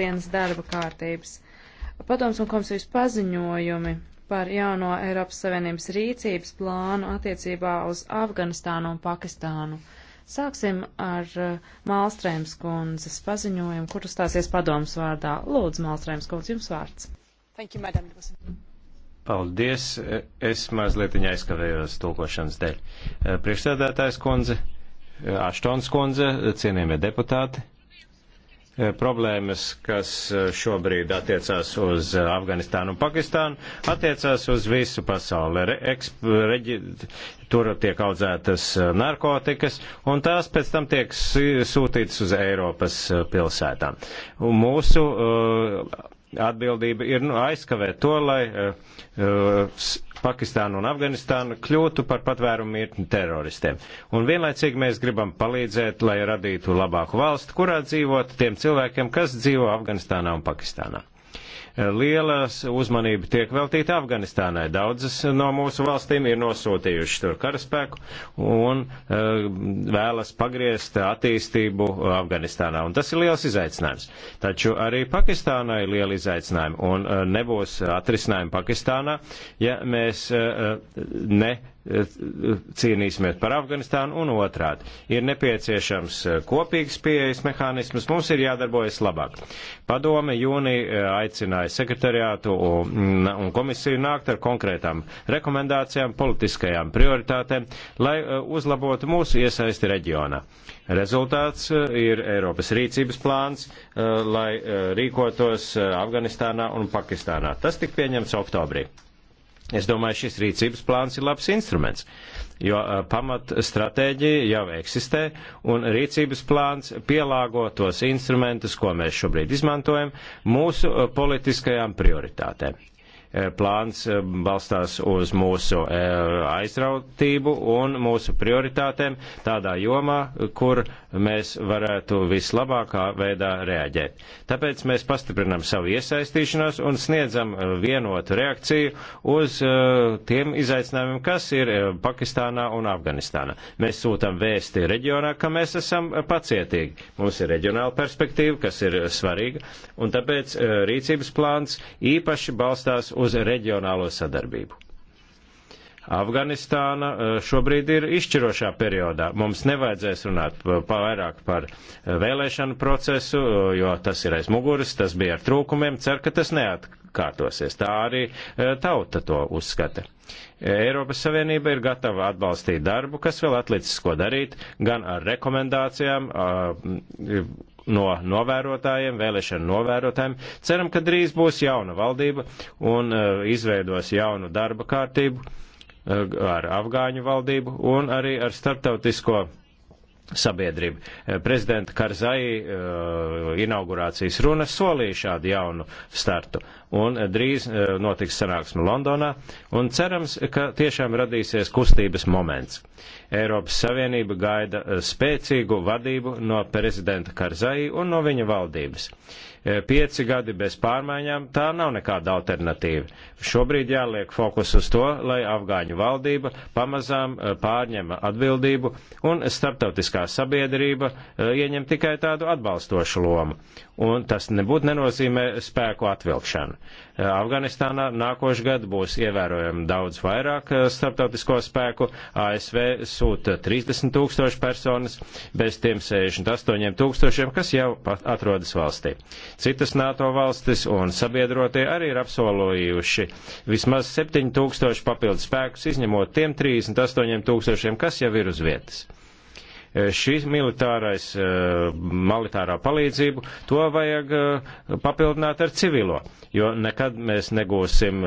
dienas darba kārtības. Padoms un komisijas paziņojumi par jauno Eiropas Savienības rīcības plānu attiecībā uz Afganistānu un Pakistānu. Sāksim ar eh, Mālstrēms kundzes paziņojumu, kur uzstāsies padoms vārdā. Lūdzu, Mālstrēms kundze, jums vārds. Thank you, madam. Paldies, es mazliet aizkavējos tulkošanas dēļ. Eh, priekšsēdētājs kundze, eh, Aštons kundze, cienījamie deputāti, Eh, problēmas, kas eh, šobrīd attiecās uz eh, Afganistānu un Pakistānu, attiecās uz visu pasauli. Re, eksp, reģi, tur tiek audzētas narkotikas, un tās pēc tam tiek sūtītas uz Eiropas pilsētām. Un mūsu uh, atbildība ir nu, aizkavēt to, lai uh, Pakistānu un Afganistānu kļūtu par patvērumu mirtni teroristiem. Un vienlaicīgi mēs gribam palīdzēt, lai radītu labāku valstu, kurā dzīvot tiem cilvēkiem, kas dzīvo Afganistānā un Pakistānā. Lielas uzmanība tiek veltīta Afganistānai. Daudzas no mūsu valstīm ir nosūtījuši tur karaspēku un eh, vēlas pagriezt attīstību Afganistānā. Un tas ir liels izaicinājums. Taču arī Pakistānai ir liela izaicinājuma un eh, nebūs atrisinājuma Pakistānā, ja mēs eh, ne cīnīsimies par Afganistānu un otrādi. Ir nepieciešams eh, kopīgs pieejas mehānismus, mums ir jādarbojas labāk. Padome jūnī eh, aicināja sekretariātu un, mm, un komisiju nākt ar konkrētām rekomendācijām, politiskajām prioritātēm, lai eh, uzlabotu mūsu iesaisti reģionā. Rezultāts ir Eiropas rīcības plāns, lai rīkotos Afganistānā un Pakistānā. Tas tik pieņems oktobrī. Es domāju, šis rīcības plāns ir labs instruments, jo pamat stratēģija jau eksistē un rīcības plāns pielāgo tos instrumentus, ko mēs šobrīd izmantojam, mūsu politiskajām prioritātēm. Eh, plāns eh, balstās uz mūsu eh, aizrautību un mūsu prioritātēm tādā jomā, kur mēs varētu vislabākā veidā reaģēt. Tāpēc mēs pastiprinam savu iesaistīšanos un sniedzam vienotu reakciju uz tiem izaicinājumiem, kas ir Pakistānā un Afganistānā. Mēs sūtam vēsti reģionā, ka mēs esam pacietīgi. Mums ir reģionāla perspektīva, kas ir svarīga, un tāpēc rīcības plāns īpaši balstās uz reģionālo sadarbību. Afganistāna e, šobrīd ir izšķirošā periodā. Mums nevajadzēs runāt vairāk par vēlēšanu procesu, jo tas ir aiz muguras, tas bija ar trūkumiem. Cer, ka tas neatkārtosies. Tā arī e, tauta to uzskata. Eiropas Savienība ir gatava atbalstīt darbu, kas vēl atlicis ko darīt, gan ar rekomendācijām, no novērotājiem, vēlēšanu novērotājiem. Ceram, ka drīz būs jauna valdība un uh, izveidos jaunu darba kārtību uh, ar afgāņu valdību un arī ar starptautisko sabiedrību. Eh, prezidenta Karzai uh, inaugurācijas runa solīja šādu jaunu startu, un eh, drīz uh, notiks sanāksme Londonā, un cerams, ka tiešām radīsies kustības moments. Eiropas Savienība gaida spēcīgu vadību no prezidenta Karzai un no viņa valdības. Uh, Eh, pieci gadi bez pārmaiņām, tā nav nekāda alternatīva. Šobrīd jāliek fokus uz to, lai afgāņu valdība pamazām eh, pārņem atbildību un starptautiskā sabiedrība eh, ieņem tikai tādu atbalstošu lomu un tas nebūtu nenozīmē spēku atvilkšanu. Afganistānā nākošu gadu būs ievērojami daudz vairāk eh, starptautisko spēku. ASV sūta 30 tūkstoši personas, bez tiem 68 tūkstošiem, kas jau atrodas valstī. Citas NATO valstis un sabiedrotie arī ir apsolījuši vismaz 7 tūkstoši papildu spēkus, izņemot tiem 38 tūkstošiem, kas jau ir uz vietas. Eh, šī militārais, eh, militārā palīdzību, to vajag eh, papildināt ar civilo, jo nekad mēs negūsim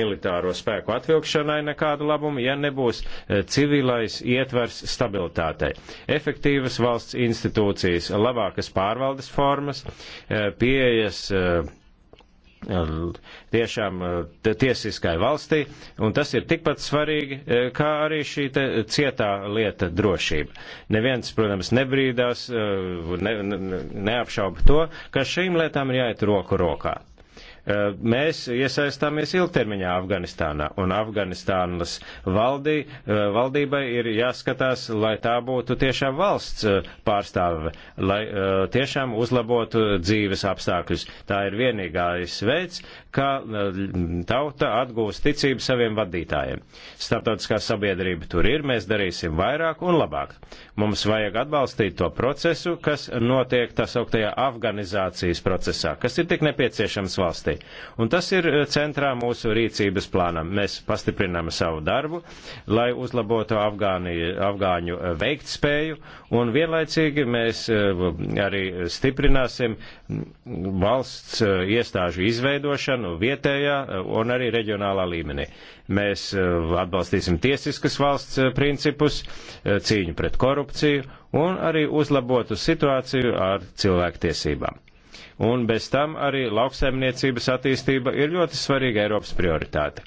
militāro spēku atvilkšanai nekādu labumu, ja nebūs civilais ietvers stabilitātei. Efektīvas valsts institūcijas, labākas pārvaldes formas, pieejas tiešām eh, tiesiskai valstī, un tas ir tikpat svarīgi, eh, kā arī šī cietā lieta drošība. Neviens, protams, nebrīdās, eh, ne, ne, neapšauba to, ka šīm lietām ir jāiet roku rokā. Eh, mēs iesaistāmies ilgtermiņā Afganistānā, un Afganistānas valdī, eh, valdībai ir jāskatās, lai tā būtu tiešām valsts eh, pārstāve, lai tiešām uzlabotu dzīves apstākļus. Tā ir vienīgais veids, kā tauta atgūst ticību saviem vadītājiem. Startautiskā sabiedrība tur ir, mēs darīsim vairāk un labāk. Mums vajag atbalstīt to procesu, kas notiek tā sauktajā afganizācijas procesā, kas ir tik nepieciešams valstī valstī. Un tas ir eh, centrā mūsu rīcības plānam. Mēs pastiprinām savu darbu, lai uzlabotu Afgāni, Afgāņu eh, veiktspēju, un vienlaicīgi mēs eh, arī stiprināsim mm, valsts iestāžu izveidošanu vietējā un arī reģionālā līmenī. Mēs atbalstīsim tiesiskas valsts principus, cīņu pret korupciju un arī uzlabotu situāciju ar cilvēktiesībām. Un bez tam arī lauksaimniecības attīstība ir ļoti svarīga Eiropas prioritāte.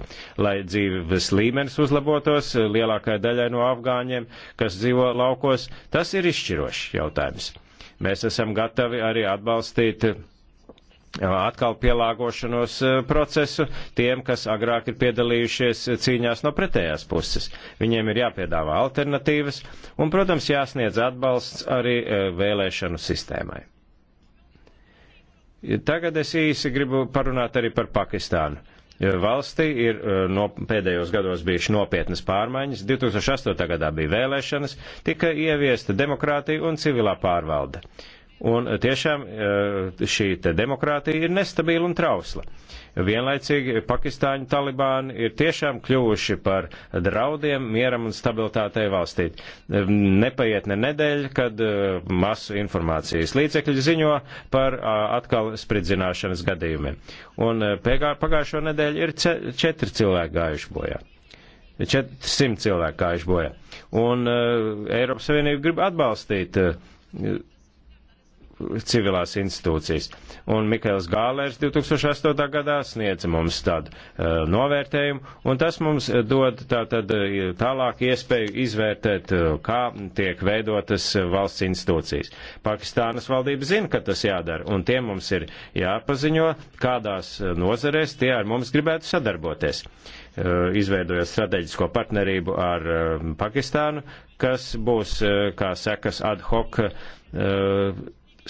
Lai dzīves līmenis uzlabotos lielākai daļai no afgāņiem, kas dzīvo laukos, tas ir izšķirošs jautājums. Mēs esam gatavi arī atbalstīt uh, atkal pielāgošanos uh, procesu tiem, kas agrāk ir piedalījušies cīņās no pretējās puses. Viņiem ir jāpiedāvā alternatīvas un, protams, jāsniedz atbalsts arī uh, vēlēšanu sistēmai. Tagad es īsi gribu parunāt arī par Pakistānu. Valstī ir eh, no pēdējos gados bijuši nopietnas pārmaiņas. 2008. gadā bija vēlēšanas, tika ieviesta demokrātija un civilā pārvalde. Un eh, tiešām eh, šī te demokrātija ir nestabila un trausla. Vienlaicīgi pakistāņu talibāni ir tiešām kļuvuši par draudiem mieram un stabilitātei valstī. Nepaiet ne nedēļa, kad eh, masu informācijas līdzekļi ziņo par atkal spridzināšanas gadījumiem. Un pagājušo nedēļu ir četri cilvēki gājuši bojā. 400 cilvēku gājuši bojā. Un uh, Eiropas Savienība grib atbalstīt uh, civilās institūcijas. Un Mikaels Gālērs 2008. gadā sniedza mums tādu uh, eh, novērtējumu, un tas mums eh, dod tātad eh, tālāk iespēju izvērtēt, uh, kā tiek veidotas valsts institūcijas. Pakistānas valdība zina, ka tas jādara, un tie mums ir jāpaziņo, kādās nozarēs tie ar mums gribētu sadarboties izveidojot strateģisko partnerību ar Pakistānu, kas būs kā sekas ad hoc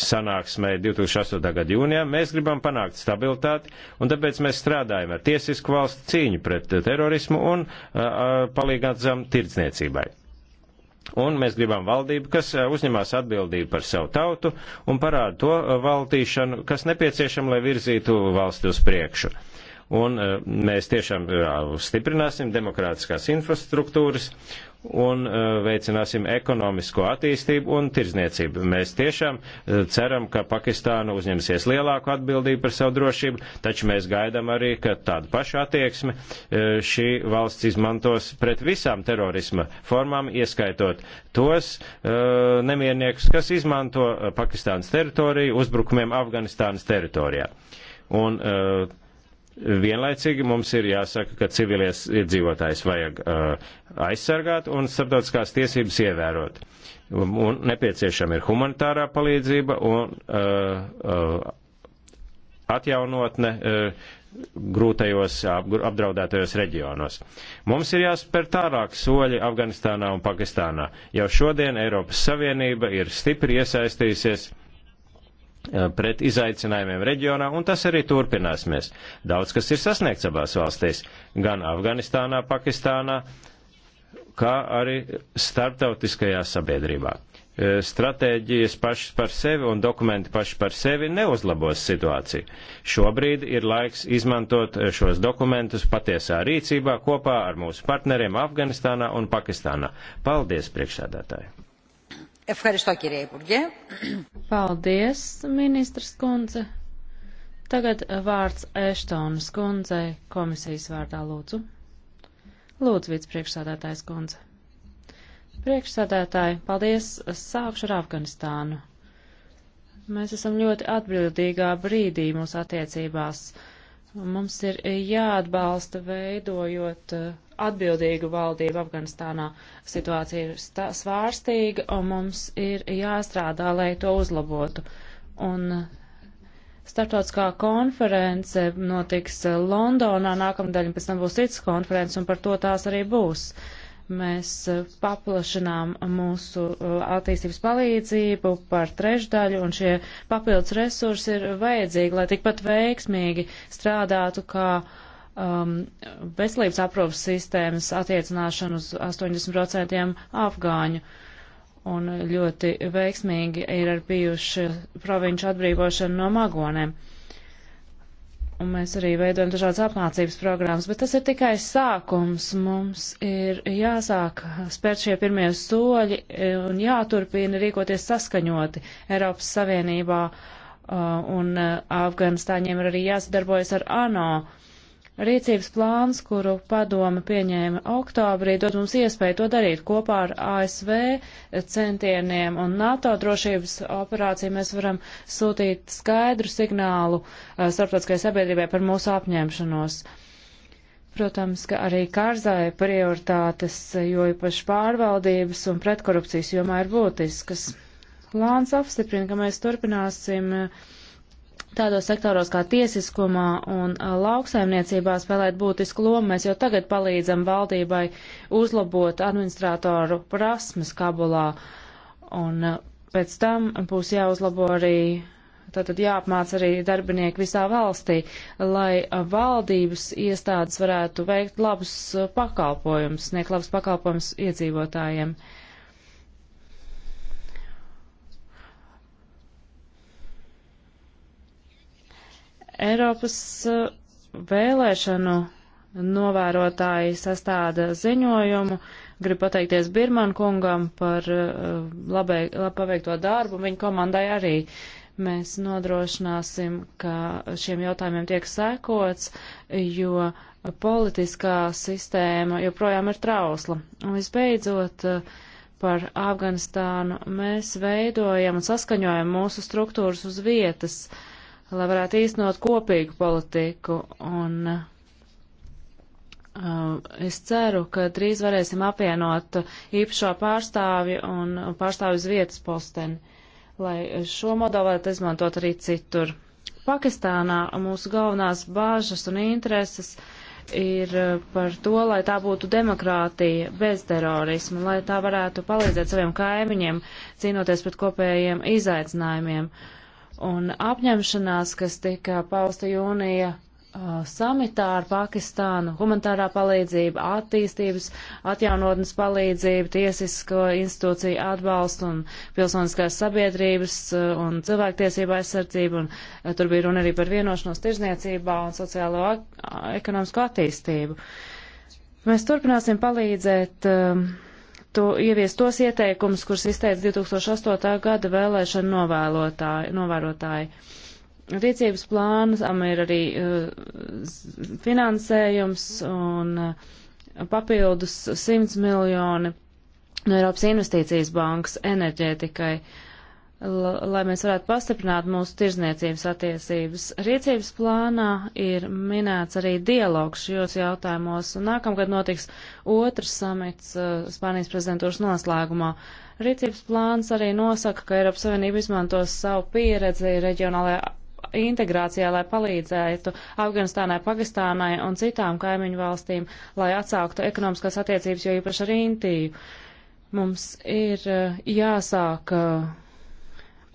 sanāksmē 2008. gada jūnijā, mēs gribam panākt stabilitāti, un tāpēc mēs strādājam ar tiesisku valstu cīņu pret terorismu un uh, palīdzam tirdzniecībai. Un mēs gribam valdību, kas uzņemās atbildību par savu tautu un parāda to valdīšanu, kas nepieciešama, lai virzītu valsti uz priekšu. Un uh, mēs tiešām uh, stiprināsim demokrātiskās infrastruktūras un e, veicināsim ekonomisko attīstību un tirzniecību. Mēs tiešām e, ceram, ka Pakistāna uzņemsies lielāku atbildību par savu drošību, taču mēs gaidām arī, ka tādu pašu attieksmi e, šī valsts izmantos pret visām terorisma formām, ieskaitot tos nemierniekus, kas izmanto Pakistānas teritoriju uzbrukumiem Afganistānas teritorijā. Un uh, Vienlaicīgi mums ir jāsaka, ka civilies iedzīvotājs vajag uh, aizsargāt un starptautiskās tiesības ievērot. Un nepieciešama ir humanitārā palīdzība un uh, uh, atjaunotne uh, grūtajos, apdraudētajos reģionos. Mums ir jāspēr tālāk soļi Afganistānā un Pakistānā. Jau šodien Eiropas Savienība ir stipri iesaistījusies uh, Eh, pret izaicinājumiem reģionā, un tas arī turpināsimies. Daudz kas ir sasniegts abās valstīs, gan Afganistānā, Pakistānā, kā arī starptautiskajā sabiedrībā. Eh, stratēģijas pašas par sevi un dokumenti paši par sevi neuzlabos situāciju. Šobrīd ir laiks izmantot eh, šos dokumentus patiesā rīcībā kopā ar mūsu partneriem Afganistānā un Pakistānā. Paldies, priekšsēdētāji! Paldies, ministrs kundze. Tagad vārds Eštonas kundzei komisijas vārdā lūdzu. Lūdzu, vicepriekšsādātājs kundze. Priekšsādātāji, paldies, sākšu ar Afganistānu. Mēs esam ļoti atbildīgā brīdī mūsu attiecībās. Mums ir jāatbalsta veidojot uh, atbildīgu valdību Afganistānā. Situācija ir svārstīga, un mums ir jāstrādā, lai to uzlabotu. Un uh, starptautiskā konference notiks uh, Londonā nākamdaļ, un pēc tam būs cits konferences, un par to tās arī būs. Mēs uh, paplašinām mūsu attīstības palīdzību par trešdaļu, un šie papildus resursi ir vajadzīgi, lai tikpat veiksmīgi strādātu kā uh, um, veselības aprūpas sistēmas attiecināšanu uz 80% afgāņu. Un ļoti veiksmīgi ir ar bijuši provinču atbrīvošana no magoniem. Un mēs arī veidojam dažādas apmācības programmas, bet tas ir tikai sākums. Mums ir jāsāk spērt šie pirmie soļi e, un jāturpina rīkoties saskaņoti Eiropas Savienībā. Uh, un uh, Afganistāņiem ir arī jāsadarbojas ar ANO. Uh, Rīcības plāns, kuru padome pieņēma oktobrī, dod mums iespēju to darīt kopā ar ASV centieniem un NATO drošības operāciju. Mēs varam sūtīt skaidru signālu uh, starptautiskajai sabiedrībai par mūsu apņemšanos. Protams, ka arī kārzai prioritātes, jo īpaši pārvaldības un pretkorupcijas jomā ir būtiskas. Plāns apstiprina, ka mēs turpināsim uh, tādos sektoros kā tiesiskumā un lauksaimniecībā spēlēt būtisku lomu. Mēs jau tagad palīdzam valdībai uzlabot administratoru prasmes Kabulā, un pēc tam būs jāuzlabo arī. Tātad jāapmāc arī darbinieki visā valstī, lai valdības iestādes varētu veikt labus pakalpojumus, sniegt labus pakalpojumus iedzīvotājiem. Uh, Eiropas uh, vēlēšanu novērotāji sastāda ziņojumu. Gribu pateikties Birman kungam par labai, uh, labi paveikto darbu, viņa komandai arī. Mēs nodrošināsim, ka šiem jautājumiem tiek sēkots, jo politiskā sistēma joprojām ir trausla. Un visbeidzot, uh, par Afganistānu mēs veidojam un saskaņojam mūsu struktūras uz vietas. Uh, lai varētu īstenot kopīgu politiku. Un uh, es ceru, ka drīz varēsim apvienot īpašo pārstāvi un pārstāvis vietas posteni, lai šo modelu varētu izmantot arī citur. Pakistānā mūsu galvenās bāžas un intereses ir par to, lai tā būtu demokrātija bez terorisma, lai tā varētu palīdzēt saviem kaimiņiem cīnoties pret kopējiem izaicinājumiem. Uh, Un apņemšanās, kas tika pausta jūnija uh, samitā ar Pakistānu, humanitārā palīdzība, attīstības, atjaunotnes palīdzība, tiesisko institūciju atbalstu un pilsoniskās sabiedrības uh, un cilvēktiesība aizsardzība. Un uh, tur bija runa arī par vienošanos tirzniecībā un sociālo ekonomisko attīstību. Mēs turpināsim palīdzēt. Uh, varētu ieviest tos ieteikumus, kurus izteica 2008. gada vēlēšana novērotāji. Rīcības plānam ir arī uh, finansējums un uh, papildus 100 miljoni no Eiropas investīcijas bankas enerģētikai. Uh, lai mēs varētu pastiprināt mūsu tirzniecības attiecības. Rīcības plānā ir minēts arī dialogs šajos jautājumos, un nākamgad notiks otrs samits uh, Spānijas prezidentūras noslēgumā. Rīcības plāns arī nosaka, ka Eiropas Savienība izmantos savu pieredzi reģionālajā integrācijā, lai palīdzētu Afganistānai, Pakistānai un citām kaimiņu valstīm, lai atsāktu ekonomiskās attiecības, jo īpaši ar Intiju. Mums ir uh, jāsāk uh,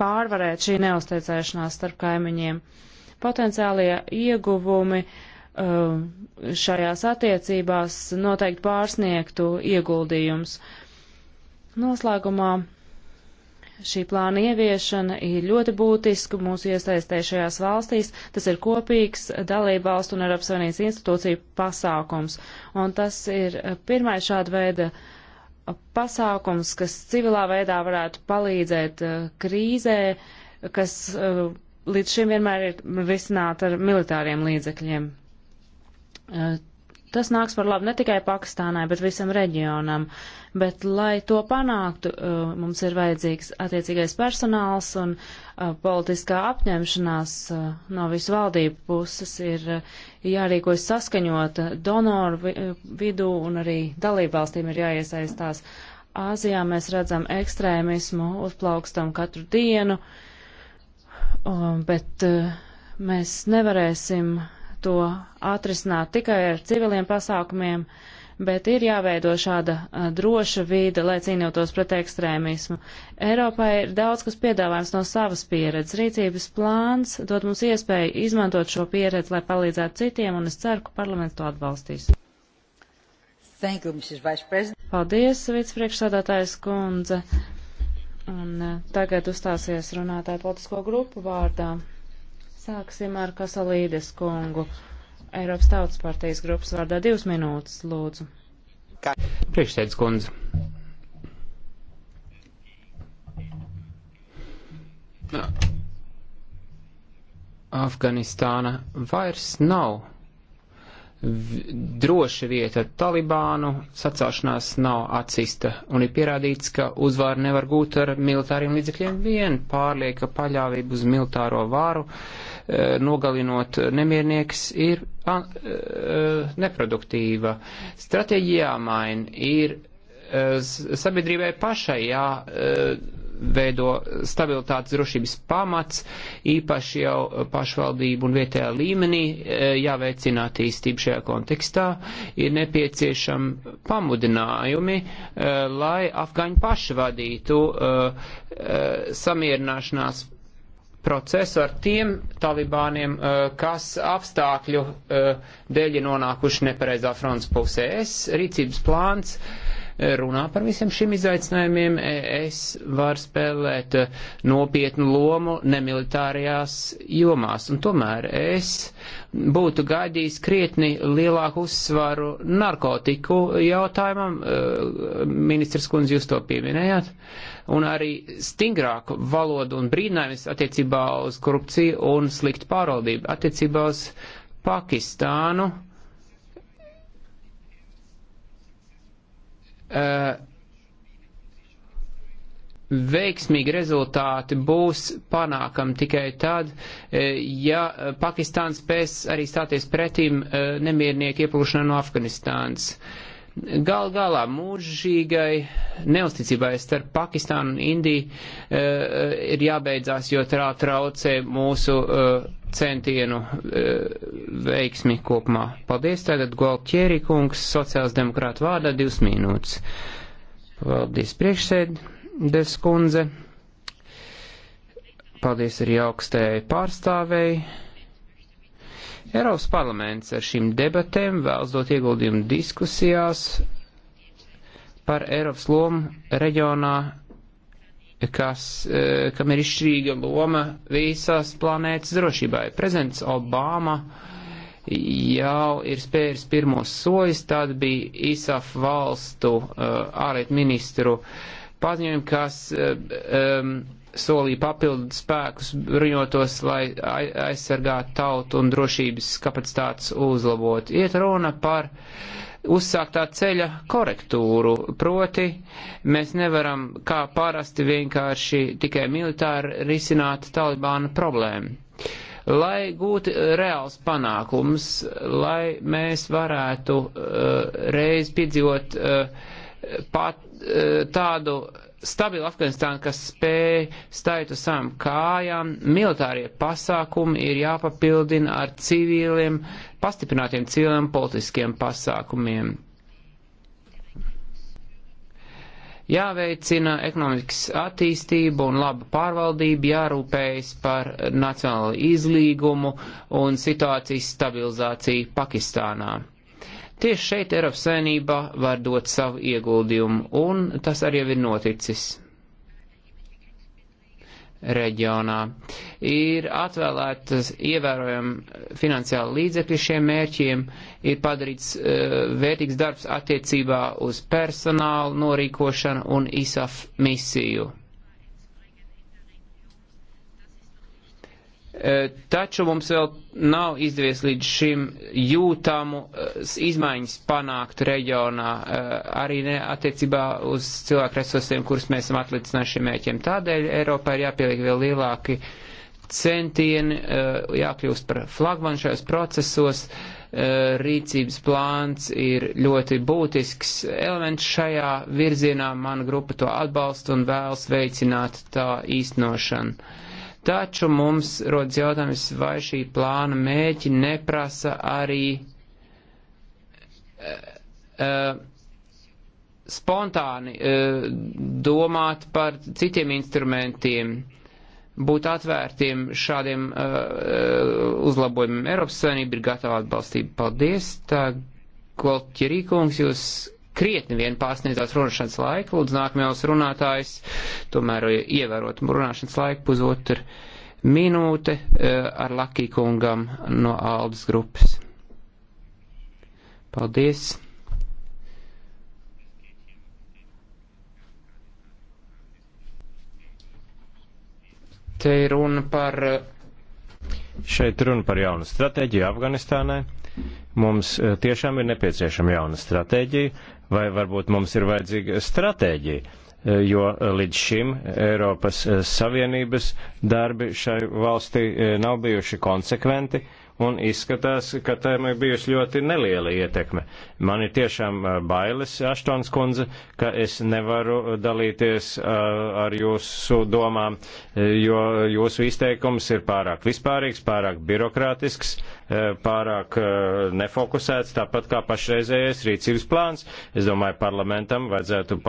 pārvarēt šī neuzteicēšanās starp kaimiņiem. Potenciālie ieguvumi uh, šajās attiecībās noteikti pārsniegtu ieguldījums. Noslēgumā šī plāna ieviešana ir ļoti būtiska mūsu iesaistējušajās valstīs. Tas ir kopīgs dalība valstu un Eiropas Savienības institūciju pasākums. Un tas ir uh, pirmais šāda veida uh, pasākums, kas civilā veidā varētu palīdzēt uh, krīzē, kas uh, līdz šim vienmēr ir risināta ar militāriem līdzekļiem. Uh, Tas nāks par labu ne tikai Pakistānai, bet visam reģionam. Bet, lai to panāktu, uh, mums ir vajadzīgs attiecīgais personāls un uh, politiskā apņemšanās uh, no visu valdību puses ir jārīkojas saskaņot donoru vidū un arī dalībvalstīm ir jāiesaistās. Āzijā mēs redzam ekstrēmismu uzplaukstam katru dienu, bet mēs nevarēsim to atrisināt tikai ar civiliem pasākumiem, bet ir jāveido šāda droša vīda, lai cīnītos pret ekstrēmismu. Eiropai ir daudz, kas piedāvājums no savas pieredzes. Rīcības plāns dod mums iespēju izmantot šo pieredzi, lai palīdzētu citiem, un es ceru, ka parlaments to atbalstīs. Thank you, Mrs. Vice President. Paldies, vicepriekšsādātājs kundze. Un tagad uzstāsies runātāja politisko grupu vārdā. Sāksim ar Kasalīdes kungu. Eiropas Tautas partijas grupas vārdā divas minūtes, lūdzu. Priekšsēdz kundze. Afganistāna vairs nav droša vieta Talibānu, sacelšanās nav atsista, un ir pierādīts, ka uzvāru nevar gūt ar militāriem līdzekļiem vien, pārlieka paļāvību uz militāro vāru, eh, nogalinot nemiernieks, ir a, a, eh, neproduktīva. Stratēģijā maina ir eh, sabiedrībai pašai jā. A, veido stabilitātes drošības pamats, īpaši jau pašvaldību un vietējā līmenī e, jāveicina attīstība šajā kontekstā, ir nepieciešami pamudinājumi, e, lai afgaņi paši vadītu e, samierināšanās procesu ar tiem talibāniem, kas apstākļu dēļ ir nonākuši nepareizā fronts pusē. Es rīcības plāns uh, runā par visiem šiem izaicinājumiem. Es varu spēlēt nopietnu lomu nemilitārajās jomās, un tomēr es būtu gaidījis krietni lielāku uzsvaru narkotiku jautājumam. Eh, ministrs kundze, jūs to pieminējāt un arī stingrāku valodu un brīdinājumus attiecībā uz korupciju un sliktu pārvaldību. Attiecībā uz Pakistānu Eh, veiksmīgi rezultāti būs panākam tikai tad, eh, ja eh, Pakistāns spēs arī stāties pretim nemiernieku ieplūšanā no Afganistānas. Uh, Gal galā mūžīgai neusticībai starp Pakistānu un Indiju uh, ir jābeidzās, jo tā traucē mūsu uh, centienu uh, veiksmi kopumā. Paldies tagad Gualtieri kungs, sociāls demokrāta vārdā, divas minūtes. Paldies priekšsēdes kundze. Paldies arī augstajai pārstāvēji Eiropas parlaments ar šīm debatēm vēlas dot ieguldījumu diskusijās par Eiropas lomu reģionā, kas, e, kam ir izšķirīga loma visās planētas drošībai. Prezidents Obama jau ir spēris pirmos soļus, tad bija ISAF valstu e, ārlietu ministru paziņojumi, kas um, solīja papildu spēkus bruņotos, lai aizsargātu tautu un drošības kapacitātes uzlabot. Iet runa par uzsāktā ceļa korektūru, proti mēs nevaram kā parasti vienkārši tikai militāri risināt Talibāna problēmu. Lai gūtu reāls panākums, lai mēs varētu uh, reiz piedzīvot uh, pat, uh, tādu uh, stabilu Afganistānu, kas spēj stājot uz savām kājām. Militārie pasākumi ir jāpapildina ar civiliem, pastiprinātiem civiliem politiskiem pasākumiem. Jāveicina ekonomikas attīstība un laba pārvaldība, jārūpējas par nacionālu izlīgumu un situācijas stabilizāciju Pakistānā. Tieši šeit Eiropas Savienība var dot savu ieguldījumu, un tas arī jau ir noticis reģionā. Ir atvēlētas ievērojami finansiāli līdzekļi šiem mērķiem, ir padarīts uh, vērtīgs darbs attiecībā uz personālu norīkošanu un ISAF misiju. E, taču mums vēl nav izdevies līdz šim jūtamu e, izmaiņas panākt reģionā, e, arī ne attiecībā uz cilvēku resursiem, kurus mēs esam atlicinājuši mēķiem. Tādēļ Eiropā ir jāpieliek vēl lielāki centieni, jākļūst par flagmanu šajos procesos. Rīcības plāns ir ļoti būtisks elements šajā virzienā. Mana grupa to atbalsta un vēlas veicināt tā īstenošanu Taču mums rodas jautājums, vai šī plāna mēķi neprasa arī uh, uh, spontāni uh, domāt par citiem instrumentiem, būt atvērtiem šādiem uh, uzlabojumiem. Eiropas Savienība ir gatava atbalstīt. Paldies! Tā, Kolķerīkungs, jūs krietni vien pārsniedzās runāšanas laiku. Lūdzu, nākamajos runātājs, tomēr ievērot runāšanas laiku pusotru minūte eh, ar Lakī kungam no Aldas grupas. Paldies! Te ir runa par. Eh, Šeit runa par jaunu stratēģiju Afganistānai. Mums eh, tiešām ir nepieciešama jauna stratēģija, vai varbūt mums ir vajadzīga stratēģija, e, jo e, līdz šim Eiropas e, Savienības darbi šai valstī nav bijuši konsekventi un izskatās, ka tam ir bijusi ļoti neliela ietekme. Man ir tiešām bailes, Aštons kundze, ka es nevaru dalīties ar jūsu domām, jo jūsu izteikums ir pārāk vispārīgs, pārāk birokrātisks, pārāk nefokusēts, tāpat kā pašreizējais rīcības plāns. Es domāju, parlamentam vajadzētu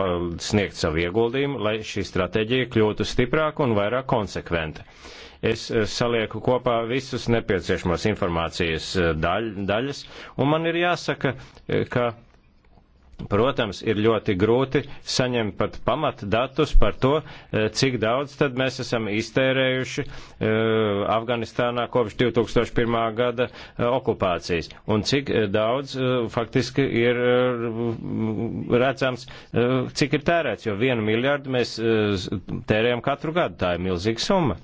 sniegt savu ieguldījumu, lai šī stratēģija kļūtu stiprāka un vairāk konsekventa es eh, salieku kopā visus nepieciešamos informācijas eh, daļ, daļas, un man ir jāsaka, eh, ka Protams, ir ļoti grūti saņemt pat pamat datus par to, cik daudz tad mēs esam iztērējuši Afganistānā kopš 2001. gada okupācijas un cik daudz faktiski ir redzams, cik ir tērēts, jo vienu miljardu mēs tērējam katru gadu, tā ir milzīga summa.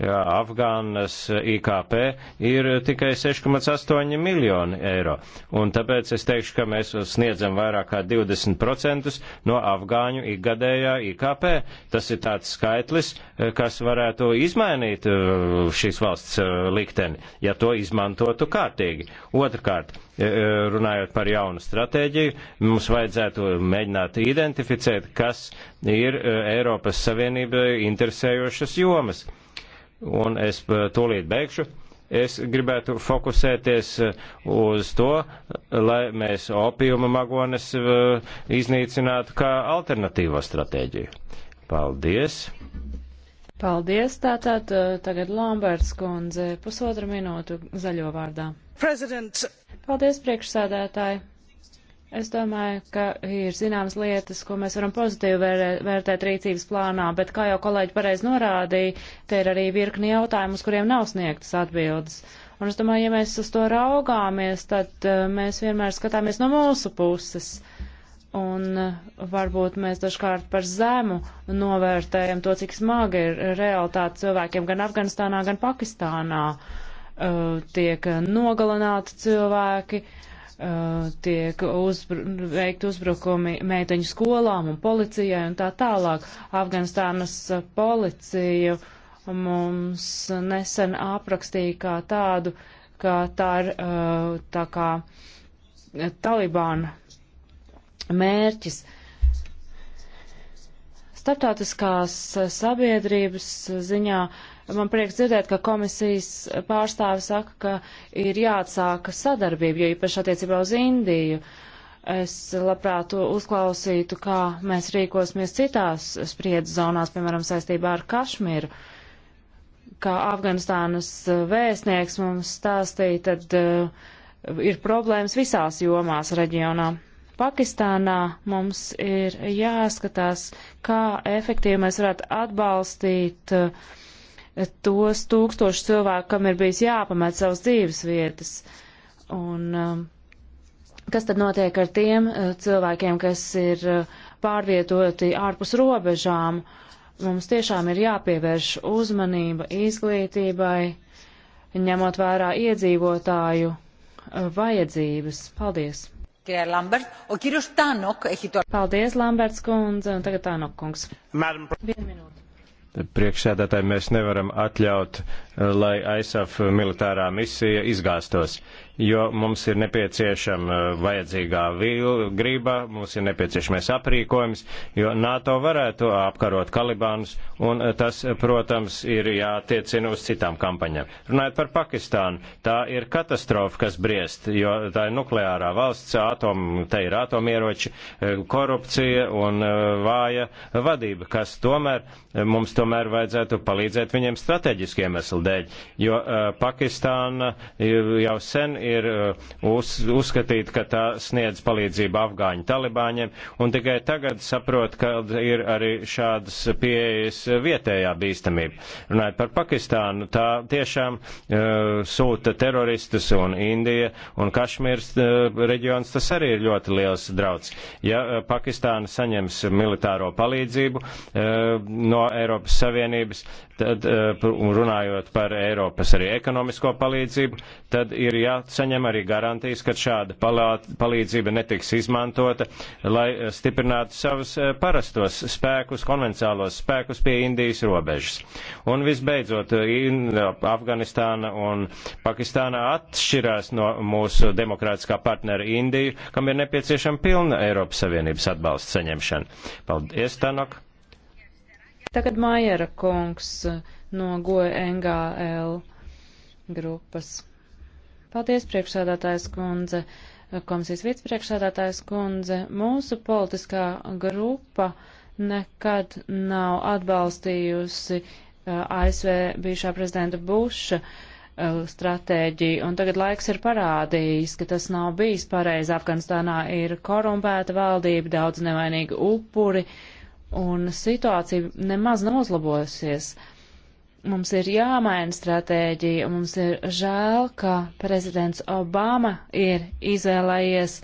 Afgānas IKP ir tikai 6,8 miljoni eiro. Un tāpēc es teikšu, ka mēs sniedzam vairāk kā 20% no afgāņu ikgadējā IKP. Tas ir tāds skaitlis, eh, kas varētu izmainīt eh, šīs valsts eh, likteni, ja to izmantotu kārtīgi. Otrkārt, runājot par jaunu stratēģiju, mums vajadzētu mēģināt identificēt, kas ir Eiropas Savienībai interesējošas jomas un es eh, tūlīt beigšu. Es gribētu fokusēties eh, uz to, lai mēs opijuma magones eh, iznīcinātu kā alternatīvo stratēģiju. Paldies! Paldies, tātad tagad Lamberts kundze pusotra minūtu zaļo vārdā. President. Paldies, priekšsēdētāji! Es domāju, ka ir zināmas lietas, ko mēs varam pozitīvi vērē, vērtēt rīcības plānā, bet, kā jau kolēģi pareiz norādīja, te ir arī virkni jautājumu, uz kuriem nav sniegtas atbildes. Un es domāju, ja mēs uz to raugāmies, tad uh, mēs vienmēr skatāmies no mūsu puses. Un uh, varbūt mēs dažkārt par zemu novērtējam to, cik smagi ir realitāte cilvēkiem gan Afganistānā, gan Pakistānā. Uh, tiek nogalināti cilvēki, uh, uh, tiek uzbr veikt uzbrukumi meiteņu skolām un policijai un tā tālāk. Afganistānas uh, policiju mums nesen aprakstīja kā tādu, ka tā ir uh, tā kā uh, Talibāna mērķis. Startautiskās uh, sabiedrības ziņā uh, Man prieks dzirdēt, ka komisijas pārstāve saka, ka ir jāatsāka sadarbība, jo īpaši attiecībā uz Indiju. Es labprāt uzklausītu, kā mēs rīkosimies citās spriedzes zonās, piemēram, saistībā ar Kašmiru. Kā Afganistānas vēstnieks mums stāstīja, tad uh, ir problēmas visās jomās reģionā. Pakistānā mums ir jāskatās, kā efektīvi mēs varētu atbalstīt uh, tos tūkstošus cilvēku, kam ir bijis jāpamet savas dzīves vietas. Un um, kas tad notiek ar tiem uh, cilvēkiem, kas ir uh, pārvietoti ārpus robežām? Mums tiešām ir jāpievērš uzmanība izglītībai, ņemot vērā iedzīvotāju uh, vajadzības. Paldies! Lambert. Paldies, Lamberts kundze, un tagad Tānok kungs. Vienu minūti priekšsēdētāji, mēs nevaram atļaut, lai ISAF militārā misija izgāstos jo mums ir nepieciešama eh, vajadzīgā grība, mums ir nepieciešamais aprīkojums, jo NATO varētu apkarot Kalibanus, un eh, tas, protams, ir jātiecina uz citām kampaņām. Runājot par Pakistānu, tā ir katastrofa, kas briest, jo tā ir nukleārā valsts, atom, te ir atomieroči, eh, korupcija un vāja vadība, kas tomēr mums tomēr vajadzētu palīdzēt viņiem strateģiskiem eslu dēļ, jo Pakistāna jau sen ir uh, uz, uzskatīt, ka tā sniedz palīdzību afgāņu talibāņiem, un tikai tagad saprot, ka ir arī šādas pieejas vietējā bīstamība. Runājot par Pakistānu, tā tiešām uh, sūta teroristus un Indija un Kašmīras uh, reģions, tas arī ir ļoti liels draudz. Ja uh, Pakistāna saņems militāro palīdzību uh, no Eiropas Savienības, tad eh, runājot par Eiropas arī ekonomisko palīdzību, tad ir jāsaņem arī garantijas, ka šāda palīdzība netiks izmantota, lai eh, stiprinātu savus eh, parastos spēkus, konvenciālos spēkus pie Indijas robežas. Un visbeidzot, Afganistāna un Pakistāna atšķirās no mūsu demokrātiskā partnera Indiju, kam ir nepieciešama pilna Eiropas Savienības atbalsta saņemšana. Paldies, Tanok! Tagad Maiera kungs no GOE NGL grupas. Paldies, priekšsādātājs kundze, komisijas vicepriekšsādātājs kundze. Mūsu politiskā grupa nekad nav atbalstījusi uh, ASV bijušā prezidenta Buša uh, stratēģiju, un tagad laiks ir parādījis, ka tas nav bijis pareizi. Afganistānā ir korumpēta valdība, daudz nevainīgi upuri. Uh, un situācija nemaz nav uzlabosies. Mums ir jāmaina stratēģija, un mums ir žēl, ka prezidents Obama ir izvēlējies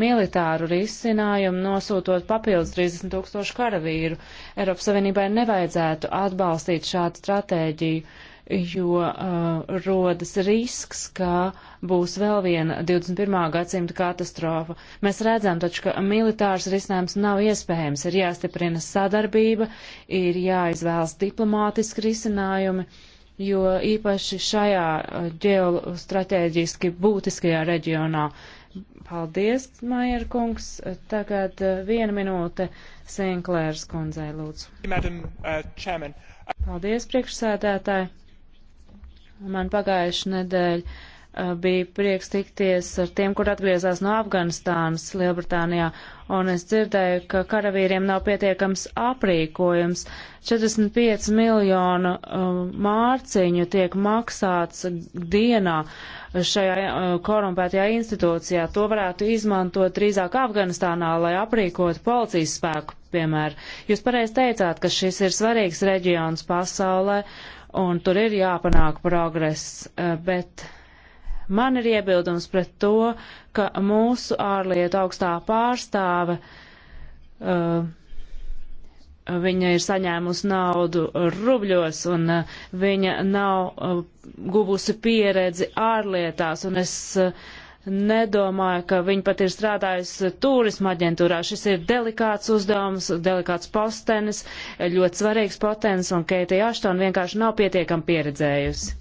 militāru risinājumu, nosūtot papildus 30 tūkstošu karavīru. Eiropas Savienībai nevajadzētu atbalstīt šādu stratēģiju jo uh, rodas risks, ka būs vēl viena 21. gadsimta katastrofa. Mēs redzam taču, ka militārs risinājums nav iespējams, ir jāstiprina sadarbība, ir jāizvēlas diplomātiski risinājumi, jo īpaši šajā uh, ģeostrateģiski būtiskajā reģionā. Paldies, Maier kungs. Tagad uh, viena minūte Senklērs kundzei lūdzu. Madam, uh, Paldies, priekšsēdētāji. Man pagājuši nedēļ bija prieks tikties ar tiem, kur atgriezās no Afganistānas Lielbritānijā, un es dzirdēju, ka karavīriem nav pietiekams aprīkojums. 45 miljonu mārciņu tiek maksāts dienā šajā korumpētajā institūcijā. To varētu izmantot drīzāk Afganistānā, lai aprīkotu policijas spēku, piemēram. Jūs pareizi teicāt, ka šis ir svarīgs reģions pasaulē un tur ir jāpanāk progress, eh, bet man ir iebildums pret to, ka mūsu ārlietu augstā pārstāve, uh, viņa ir saņēmusi naudu rubļos un uh, viņa nav uh, guvusi pieredzi ārlietās, un es uh, nedomāju, ka viņa pat ir strādājusi turisma aģentūrā. Šis ir delikāts uzdevums, delikāts postenis, ļoti svarīgs postenis, un Keitija Aštona vienkārši nav pietiekam pieredzējusi.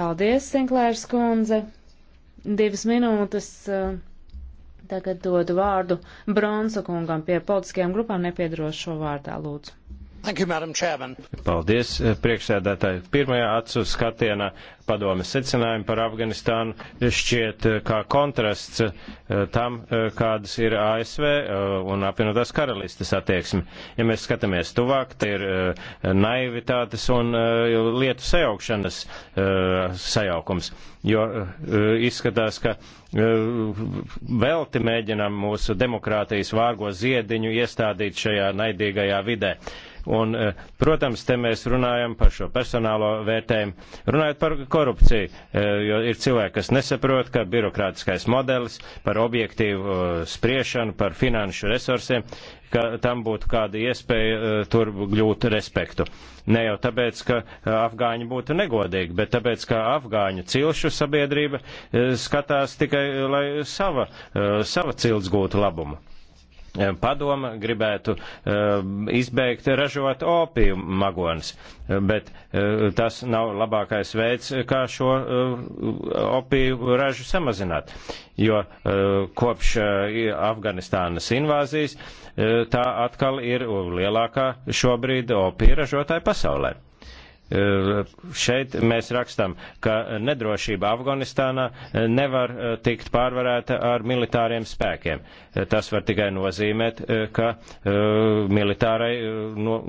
Paldies, Sinklērs kundze. Divas minūtes. Eh, tagad dodu vārdu Bronsa kungam pie politiskajām grupām nepiedrošo vārdā, lūdzu. You, Paldies, eh, priekšsēdētāji. Pirmajā acu skatienā padomes secinājumi par Afganistānu šķiet eh, kā kontrasts eh, tam, kādas ir ASV un apvienotās karalistes attieksme. Ja mēs skatāmies tuvāk, tie ir naivitātes un lietu sajaukšanas sajaukums, jo izskatās, ka velti mēģinam mūsu demokrātijas vārgo ziediņu iestādīt šajā naidīgajā vidē. Uh, Un, eh, protams, te mēs runājam par šo personālo vērtējumu, runājot par korupciju, eh, jo ir cilvēki, kas nesaprot, ka birokrātiskais modelis par objektīvu eh, spriešanu, par finanšu resursiem, ka tam būtu kāda iespēja tur gļūt respektu. Ne jau tāpēc, ka afgāņi būtu negodīgi, bet tāpēc, ka afgāņu cilšu sabiedrība skatās tikai, lai sava, sava cilts gūtu labumu. Eh, padoma gribētu eh, izbeigt ražot opiju magonis, eh, bet tas nav labākais veids, kā šo opiju ražu samazināt, jo kopš Afganistānas invāzijas tā atkal ir lielākā šobrīd opiju ražotāja pasaulē. Šeit mēs rakstam, ka nedrošība Afganistānā eh, nevar eh, tikt pārvarēta ar militāriem spēkiem. Eh, tas var tikai nozīmēt, ka militārai,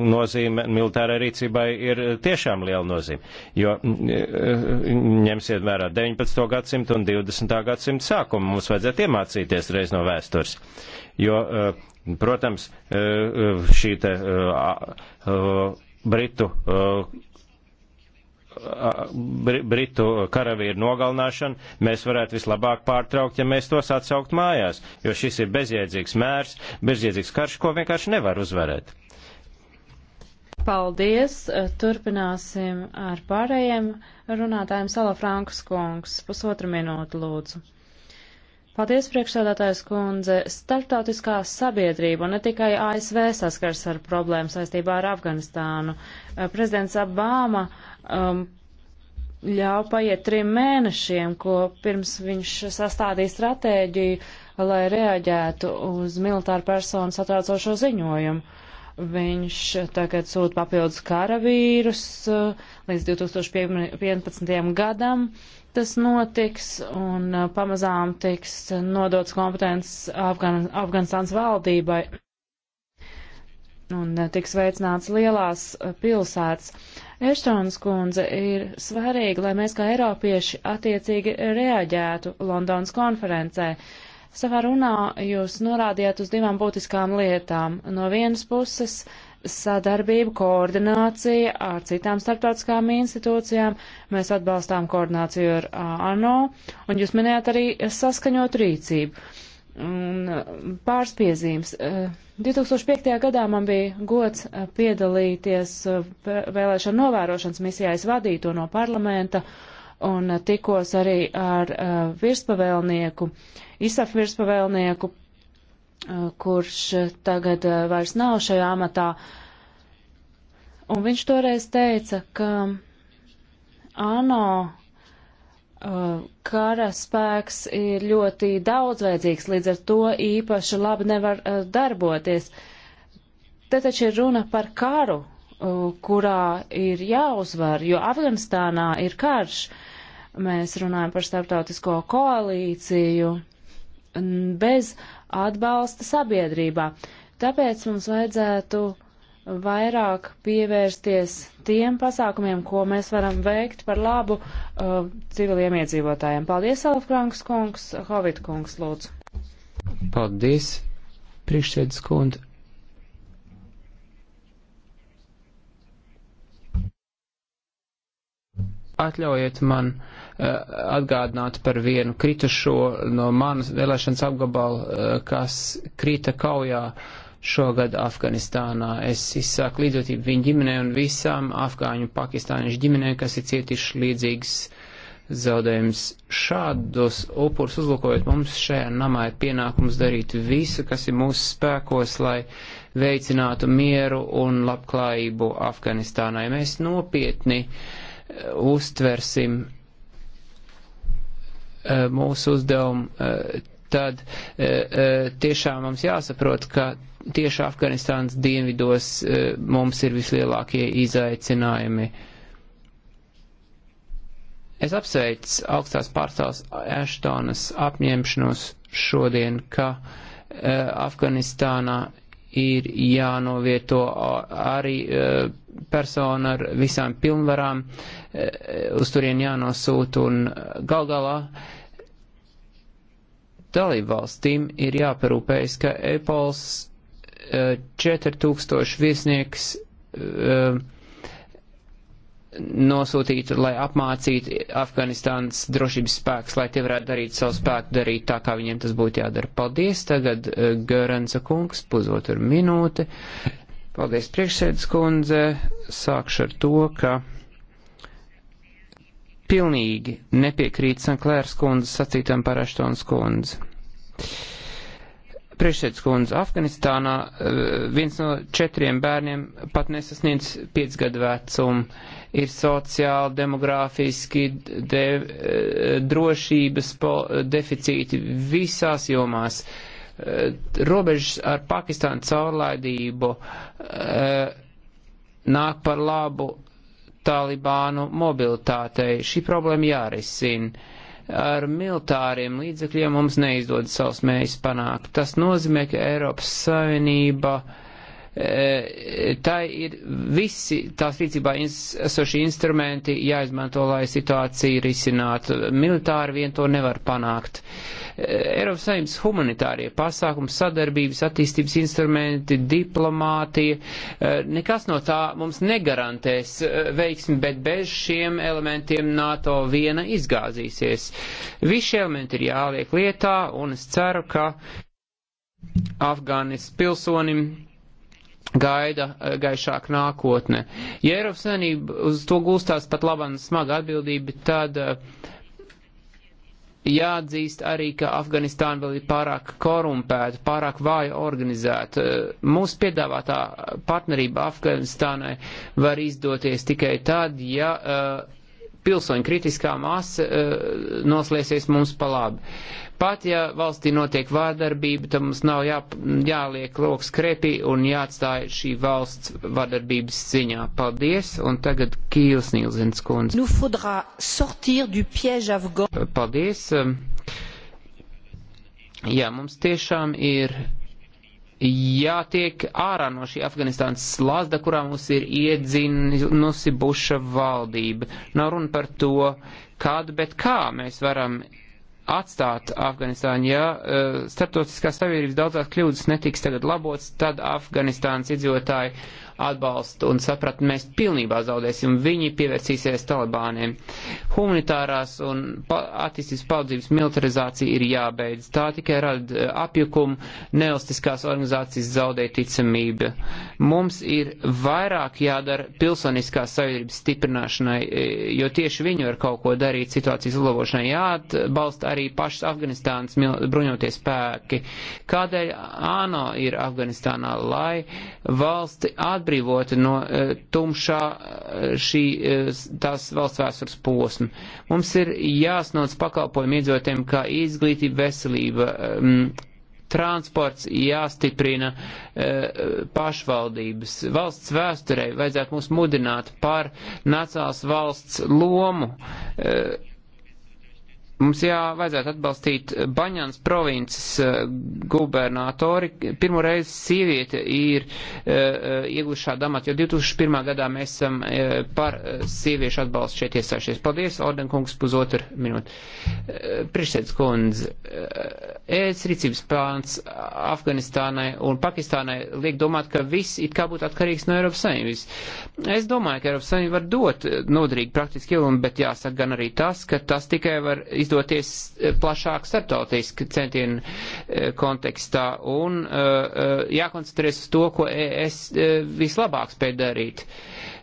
nozīme, militārai rīcībai ir tiešām liela nozīme. Jo mm, ņemsiet vērā 19. gadsimtu un 20. gadsimtu sākumu. Mums vajadzētu iemācīties reiz no vēstures. Jo, protams, šī te Britu britu karavīru nogalināšanu, mēs varētu vislabāk pārtraukt, ja mēs tos atsaukt mājās, jo šis ir bezjēdzīgs mērs, bezjēdzīgs karš, ko vienkārši nevar uzvarēt. Paldies! Turpināsim ar pārējiem runātājiem Salafrankas kungs. Pusotru minūtu lūdzu. Paldies, priekšsādātājs kundze. Startautiskā sabiedrība un ne tikai ASV saskars ar problēmu saistībā ar Afganistānu. Eh, prezidents Obama um, ļāva paiet trim mēnešiem, ko pirms viņš sastādīja stratēģiju, lai reaģētu uz militāru personu satraucošo ziņojumu. Viņš tagad sūta papildus karavīrus eh, līdz 2015. gadam. Uh, tas notiks un uh, pamazām tiks nodots kompetences Afgan Afganistānas valdībai un uh, tiks veicināts lielās uh, pilsētas. Eštons kundze ir svarīgi, lai mēs kā Eiropieši attiecīgi reaģētu Londonas konferencē. Savā runā jūs norādījāt uz divām būtiskām lietām. No vienas puses, uh, sadarbību, koordinācija ar citām starptautiskām institūcijām. Mēs atbalstām koordināciju ar ANO, un jūs minējāt arī saskaņot rīcību. Un pārspiezīmes. 2005. gadā man bija gods piedalīties vēlēšana novērošanas misijā. Es vadīju to no parlamenta un tikos arī ar virspavēlnieku, ISAF virspavēlnieku Eh, kurš eh, tagad eh, vairs nav šajā amatā, un viņš toreiz teica, ka ANO kara spēks ir ļoti daudzveidzīgs, līdz ar to īpaši labi nevar darboties. Te taču ir runa par karu, kurā ir jāuzvar, jo Afganistānā ir karš. Mēs runājam par starptautisko koalīciju bez uh, atbalsta sabiedrībā. Tāpēc mums vajadzētu vairāk pievērsties tiem pasākumiem, ko mēs varam veikt par labu uh, civiliem iedzīvotājiem. Paldies, Alfranks kungs, Hovit kungs, lūdzu. Paldies, priekšsēdus kundze. Atļaujiet man uh, atgādināt par vienu kritušo no manas vēlēšanas apgabalu, uh, kas krita kaujā šogad Afganistānā. Es izsāku līdzotību viņa ģimenei un visām afgāņu pakistāņu ģimenei, kas ir cietiši līdzīgas zaudējums. Šādus upurus uzlūkojot mums šajā namā ir pienākums darīt visu, kas ir mūsu spēkos, lai veicinātu mieru un labklājību Afganistānai. Mēs nopietni uh, uztversim eh, mūsu uzdevumu, eh, tad eh, tiešām mums jāsaprot, ka tieši Afganistānas dienvidos mums ir vislielākie izaicinājumi. Es apsveicu augstās pārstāvs Ashtonas apņemšanos šodien, ka Afganistānā ir jānovieto arī e, persona ar visām pilnvarām, e, uz turien jānosūta un gal galā dalību valstīm ir jāparūpējas, ka Apples 4000 e, viesnieks nosūtītu, lai apmācītu Afganistānas drošības spēks, lai tie varētu darīt savu spēku, darīt tā, kā viņiem tas būtu jādara. Paldies, tagad uh, Göransa kungs, pusotru minūte. Paldies, priekšsēdus kundze. Sākšu ar to, ka pilnīgi nepiekrīt Sanklērs kundze sacītam par Aštons kundzi. Uh, Priekšsēdus kundze, Afganistānā eh, viens no četriem bērniem pat nesasniedz 5 gadu vecumu. Ir sociāli, demogrāfiski, de, eh, drošības deficīti visās jomās. Eh, robežas ar Pakistānu caurlaidību nāk par labu Talibānu mobilitātei. Šī problēma jārisina ar militāriem līdzekļiem mums neizdodas savus mērķus panākt. Tas nozīmē, ka Eiropas Savienība uh, Eh, tā ir visi tās rīcībā esošie instrumenti jāizmanto, lai situāciju risinātu. Militāri vien to nevar panākt. Eh, Eiropas saimnes humanitārie pasākumi, sadarbības, attīstības instrumenti, diplomātija, eh, nekas no tā mums negarantēs veiksmi, bet bez šiem elementiem NATO viena izgāzīsies. Visi šie elementi ir jāliek lietā, un es ceru, ka Afgānis pilsonim gaida eh, gaišāk nākotne. Ja Eiropas Savienība uz to gulstās pat labam smaga atbildība, tad eh, jāatzīst arī, ka Afganistāna vēl ir pārāk korumpēta, pārāk vāja organizēta. Eh, mūsu piedāvātā partnerība Afganistānai var izdoties tikai tad, ja uh, pilsoņu kritiskā masa uh, noslēsies mums pa labi. Pat ja valstī notiek vārdarbība, tad mums nav jā, jāliek loks krepī un jāatstāj šī valsts vārdarbības ziņā. Paldies, un tagad Kīls Nīlzins kundze. Paldies. Um, jā, mums tiešām ir jātiek ārā no šī Afganistānas slazda, kurā mums ir iedzinusi Buša valdība. Nav runa par to, kādu, bet kā mēs varam atstāt Afganistānu. Ja uh, starptautiskās savienības daudzās kļūdas netiks tagad labots, tad Afganistānas iedzīvotāji atbalstu un sapratni mēs pilnībā zaudēsim. Viņi pievērsīsies talibāniem. Humanitārās un attīstības palīdzības militarizācija ir jābeidz. Tā tikai rada eh, apjukumu, neelstiskās organizācijas zaudē ticamību. Mums ir vairāk jādara pilsoniskās sabiedrības stiprināšanai, eh, jo tieši viņi var kaut ko darīt situācijas uzlabošanai. Jāatbalsta arī pašas Afganistānas bruņoties spēki. Kādēļ ANO ir Afganistānā, lai valsti atbalsta? atbrīvoti no e, tumšā e, šī e, tās valsts vēstures posma. Mums ir jāsnodz pakalpojumu iedzotiem, kā izglītība, veselība, transports jāstiprina e, pašvaldības. Valsts vēsturei vajadzētu mūs mudināt par nacionālas valsts lomu. E, Mums jāvajadzētu atbalstīt Baņāns provinces eh, gubernatori. Pirmo reizi sieviete ir uh, ieguvušā damāt, jo 2001. gadā mēs esam uh, par sieviešu atbalstu šeit iestājušies. Paldies, Orden kungs, pusotru minūti. Uh, Priekšsēdz kundze, ēs rīcības plāns Afganistānai un Pakistānai liek domāt, ka viss it kā būtu atkarīgs no Eiropas Savienības. Es domāju, ka Eiropas Savienība var dot nodrīgi praktiski ilgumu, bet jāsaka gan arī tas, ka tas tikai var izdoties eh, plašāk starptautiski centienu eh, kontekstā un eh, jākoncentrēs uz to, ko es vislabāk spēju darīt. Uh,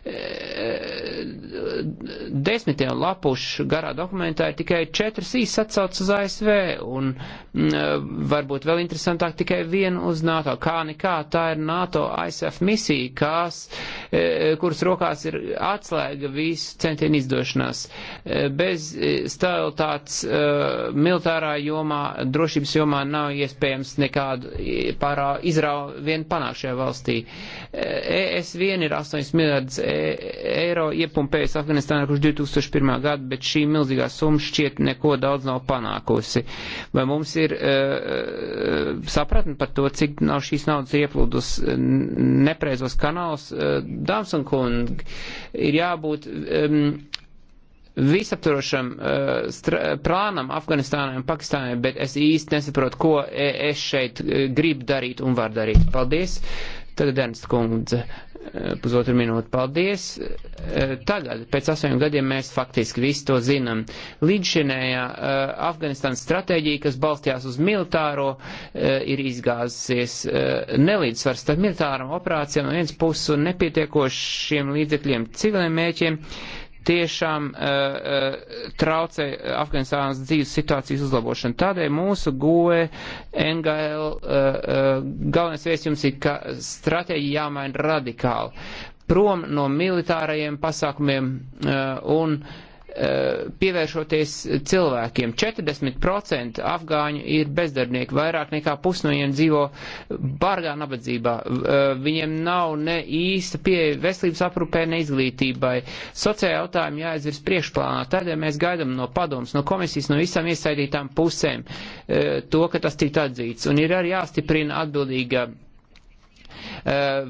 desmitiem lapušu garā dokumentā ir tikai četras īsts atsaucas uz ASV un mm, eh, varbūt vēl interesantāk tikai viena uz NATO. Kā nekā tā ir NATO ASF misija, kas, eh, kuras rokās ir atslēga visu centienu izdošanās. Eh, bez stabilitātes militārā jomā, drošības jomā nav iespējams nekādu pārā izrauvienu panākt šajā valstī. ES e vien ir 8 miljardus eiro iepumpējis Afganistānā kurš 2001. gadu, bet šī milzīgā summa šķiet neko daudz nav panākusi. Vai mums ir uh, eh, eh, sapratni par to, cik nav šīs naudas ieplūdus eh, nepreizos kanālus? Uh, Dāmas un kungi, ir jābūt. Um, visaptvarošam uh, plānam Afganistānai un Pakistānai, bet es īsti nesaprotu, ko es šeit gribu darīt un var darīt. Paldies! Uh, Tad Ernst kundze, eh, pusotru minūtu, paldies. Eh, tagad, pēc astoņiem gadiem, mēs faktiski visu to zinām. Līdzšinējā eh, Afganistānas stratēģija, kas balstījās uz militāro, ir izgāzusies nelīdzsvars starp militāram operācijām no vienas puses un nepietiekošiem līdzekļiem civiliem mēķiem tiešām uh, uh, traucē Afganistānas dzīves situācijas uzlabošanu. Tādēļ mūsu GOE, NGL uh, eh, uh, galvenais vēstījums ir, ka stratēģija jāmaina radikāli prom no militārajiem pasākumiem uh, un uh, Eh, pievēršoties cilvēkiem. 40% afgāņu ir bezdarbnieki, vairāk nekā pus no viņiem dzīvo bargā nabadzībā. Eh, viņiem nav ne īsta pieeja veselības aprūpē, ne izglītībai. Sociālajā jautājumā jāizvirs priekšplānā. Tādēļ mēs gaidām no padoms, no komisijas, no visām iesaidītām pusēm eh, to, ka tas tiek atzīts. Un ir arī jāstiprina atbildīga Eh, eh,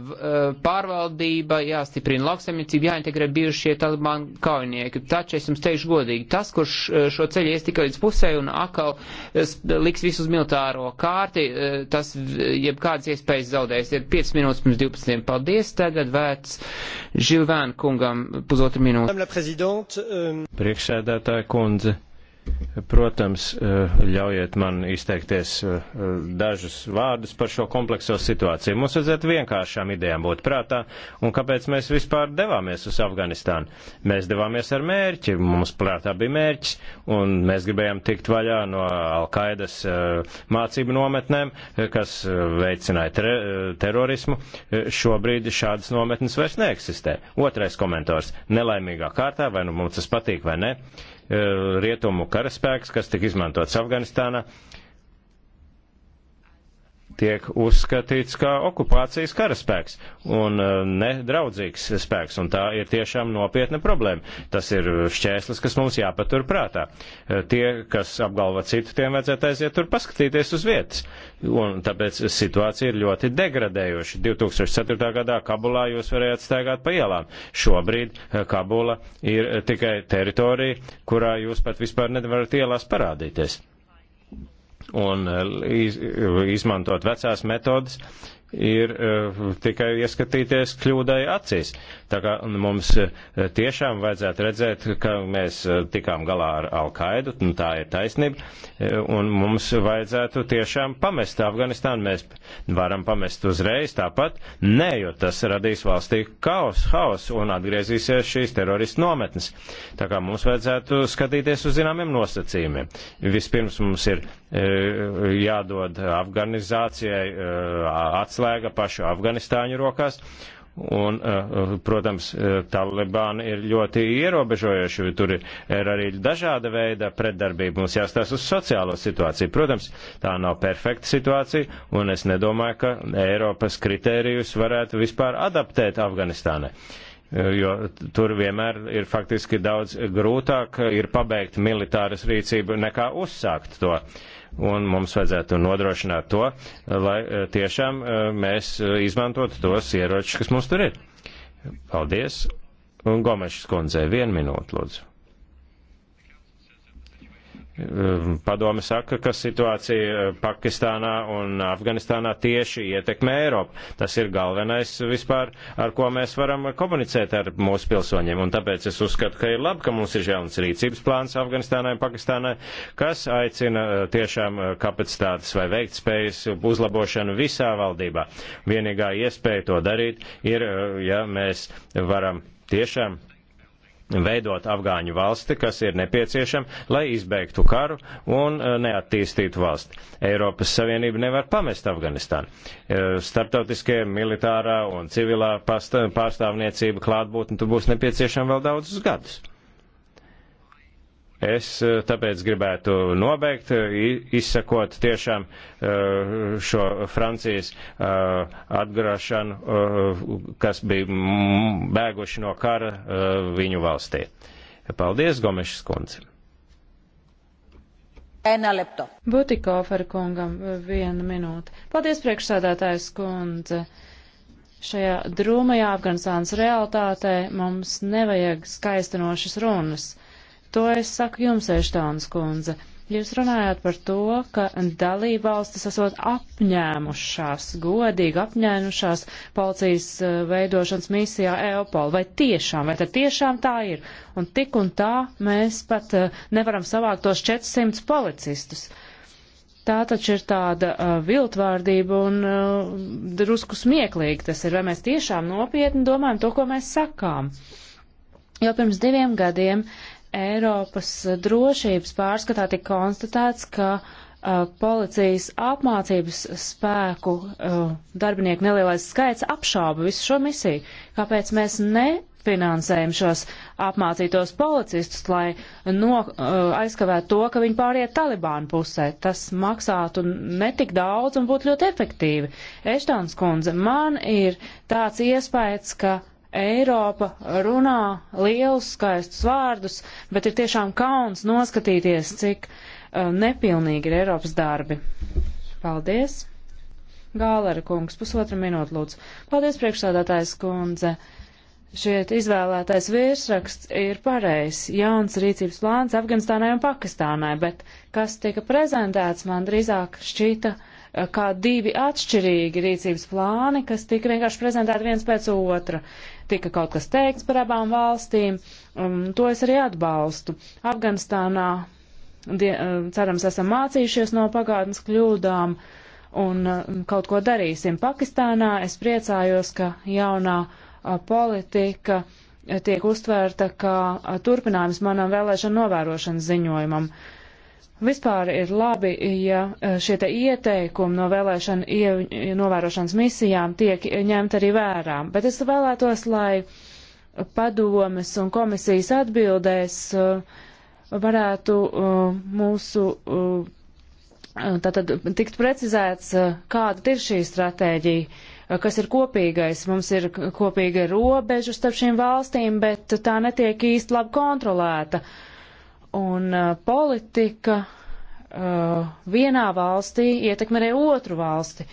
pārvaldība, jāstiprina lauksaimniecība, jāintegrē bijušie talibāni kaujinieki. Taču es jums teikšu godīgi, tas, kurš eh, šo ceļu ies tikai līdz pusē un atkal liks visu uz militāro kārti, tas jebkādas iespējas zaudēs. Ir 5 minūtes pirms 12. Paldies, tagad vērts Žilvēn kungam pusotru minūtu. Euh, Priekšsēdētāja kundze. Protams, eh, ļaujiet man izteikties eh, eh, dažus vārdus par šo komplekso situāciju. Mums vajadzētu vienkāršām idejām būt prātā, un kāpēc mēs vispār devāmies uz Afganistānu? Mēs devāmies ar mērķi, mums prātā bija mērķis, un mēs gribējām tikt vaļā no Alkaidas mācību nometnēm, kas veicināja ter terorismu. Šobrīd šādas nometnes vairs neeksistē. Otrais komentārs - nelaimīgā kārtā, vai nu mums tas patīk vai ne rietumu karaspēks, kas tika izmantots Afganistānā. Uh, tiek uzskatīts kā okupācijas karaspēks un eh, nedraudzīgs spēks, un tā ir tiešām nopietna problēma. Tas ir šķēslis, kas mums jāpatur prātā. Eh, tie, kas apgalvo citu, tiem vajadzētu aiziet tur paskatīties uz vietas, un tāpēc situācija ir ļoti degradējoša. 2004. gadā Kabulā jūs varējāt staigāt pa ielām. Šobrīd eh, Kabula ir tikai teritorija, kurā jūs pat vispār nevarat ielās parādīties un eh, iz, izmantot vecās metodas, ir eh, tikai ieskatīties kļūdai acīs. Tā kā mums eh, tiešām vajadzētu redzēt, ka mēs eh, tikām galā ar Al-Qaidu, un nu, tā ir taisnība, un mums vajadzētu tiešām pamest Afganistānu. Mēs varam pamest uzreiz tāpat, nē, jo tas radīs valstī kaos, haos, un atgriezīsies šīs teroristu nometnes. Tā kā mums vajadzētu skatīties uz zināmiem nosacījumiem. Vispirms mums ir jādod Afganizācijai atsākt atslēga pašu Afganistāņu rokās. Un, eh, eh, protams, eh, Talibāni ir ļoti ierobežojuši, tur ir arī dažāda veida pretdarbība. Mums jāstās uz sociālo situāciju. Protams, tā nav perfekta situācija, un es nedomāju, ka Eiropas kritērijus varētu vispār adaptēt Afganistānai. Jo tur vienmēr ir faktiski daudz grūtāk ir pabeigt militāras rīcību nekā uzsākt to. Uh, un mums vajadzētu nodrošināt to, lai eh, tiešām eh, mēs eh, izmantotu tos ieročus, kas mums tur ir. Paldies, un Gomešs kundze, vienu minūtu, lūdzu. Ehm, padome saka, ka situācija eh, Pakistānā un Afganistānā tieši ietekmē Eiropu. Tas ir galvenais vispār, ar ko mēs varam komunicēt ar mūsu pilsoņiem. Un tāpēc es uzskatu, ka ir labi, ka mums ir jauns rīcības plāns Afganistānai un Pakistānai, kas aicina eh, tiešām eh, kapacitātes vai veiktspējas uzlabošanu visā valdībā. Vienīgā iespēja to darīt ir, ja mēs varam tiešām veidot Afgāņu valsti, kas ir nepieciešama, lai izbeigtu karu un e, neattīstītu valsti. Eiropas Savienība nevar pamest Afganistānu. E, Startautiskie militārā un civilā pārstāvniecība klātbūtne tur būs nepieciešama vēl daudzus gadus. Es eh, tāpēc gribētu nobeigt, eh, izsakot tiešām eh, šo Francijas atgrāšanu, kas bija bēguši no kara viņu valstī. Paldies, Gomešas kundze. Butikofer kungam viena minūte. Paldies, priekšsādātājs kundze. Šajā drūmajā Afganistānas realitātē mums nevajag skaistinošas runas To es saku jums, Eštānas kundze. Jūs runājāt par to, ka dalībvalstis esot apņēmušās, godīgi apņēmušās policijas eh, veidošanas misijā EOPOL. Vai tiešām, vai tad tiešām tā ir? Un tik un tā mēs pat eh, nevaram savākt tos 400 policistus. Tā taču ir tāda uh, viltvārdība un uh, drusku smieklīga tas ir, vai mēs tiešām nopietni domājam to, ko mēs sakām. Jau pirms diviem gadiem Eiropas drošības pārskatā tika konstatēts, ka uh, policijas apmācības spēku uh, darbinieku nelielais skaits apšāba visu šo misiju. Kāpēc mēs nefinansējam šos apmācītos policistus, lai no, uh, aizkavētu to, ka viņi pāriet Talibānu pusē? Tas maksātu netik daudz un būtu ļoti efektīvi. Eštāns kundze, man ir tāds iespējas, ka Eiropa runā lielus skaistus vārdus, bet ir tiešām kauns noskatīties, cik uh, nepilnīgi ir Eiropas darbi. Paldies! Gālera kungs, pusotra minūte lūdzu. Paldies, priekšsādātājs kundze. Šiet izvēlētais virsraksts ir pareizs. Jauns rīcības plāns Afganistānai un Pakistānai, bet kas tika prezentēts, man drīzāk šķita uh, kā divi atšķirīgi rīcības plāni, kas tika vienkārši prezentēti viens pēc otra tika kaut kas teikts par abām valstīm, un to es arī atbalstu. Afganistānā, die, eh, cerams, esam mācījušies no pagātnes kļūdām un eh, kaut ko darīsim. Pakistānā es priecājos, ka jaunā politika eh, tiek uztvērta kā turpinājums manam vēlēšanu novērošanas ziņojumam. Uh, Vispār ir labi, ja eh, šie te ieteikumi no vēlēšana ie, novērošanas misijām tiek ņemt arī vērā, bet es vēlētos, lai padomes un komisijas atbildēs eh, varētu eh, mūsu tātad tikt precizēts, kāda ir šī stratēģija, kas ir kopīgais. Mums ir kopīga robeža starp šīm valstīm, bet tā netiek īsti labi kontrolēta. Uh, Un uh, politika uh, vienā valstī ietekmē arī otru valsti.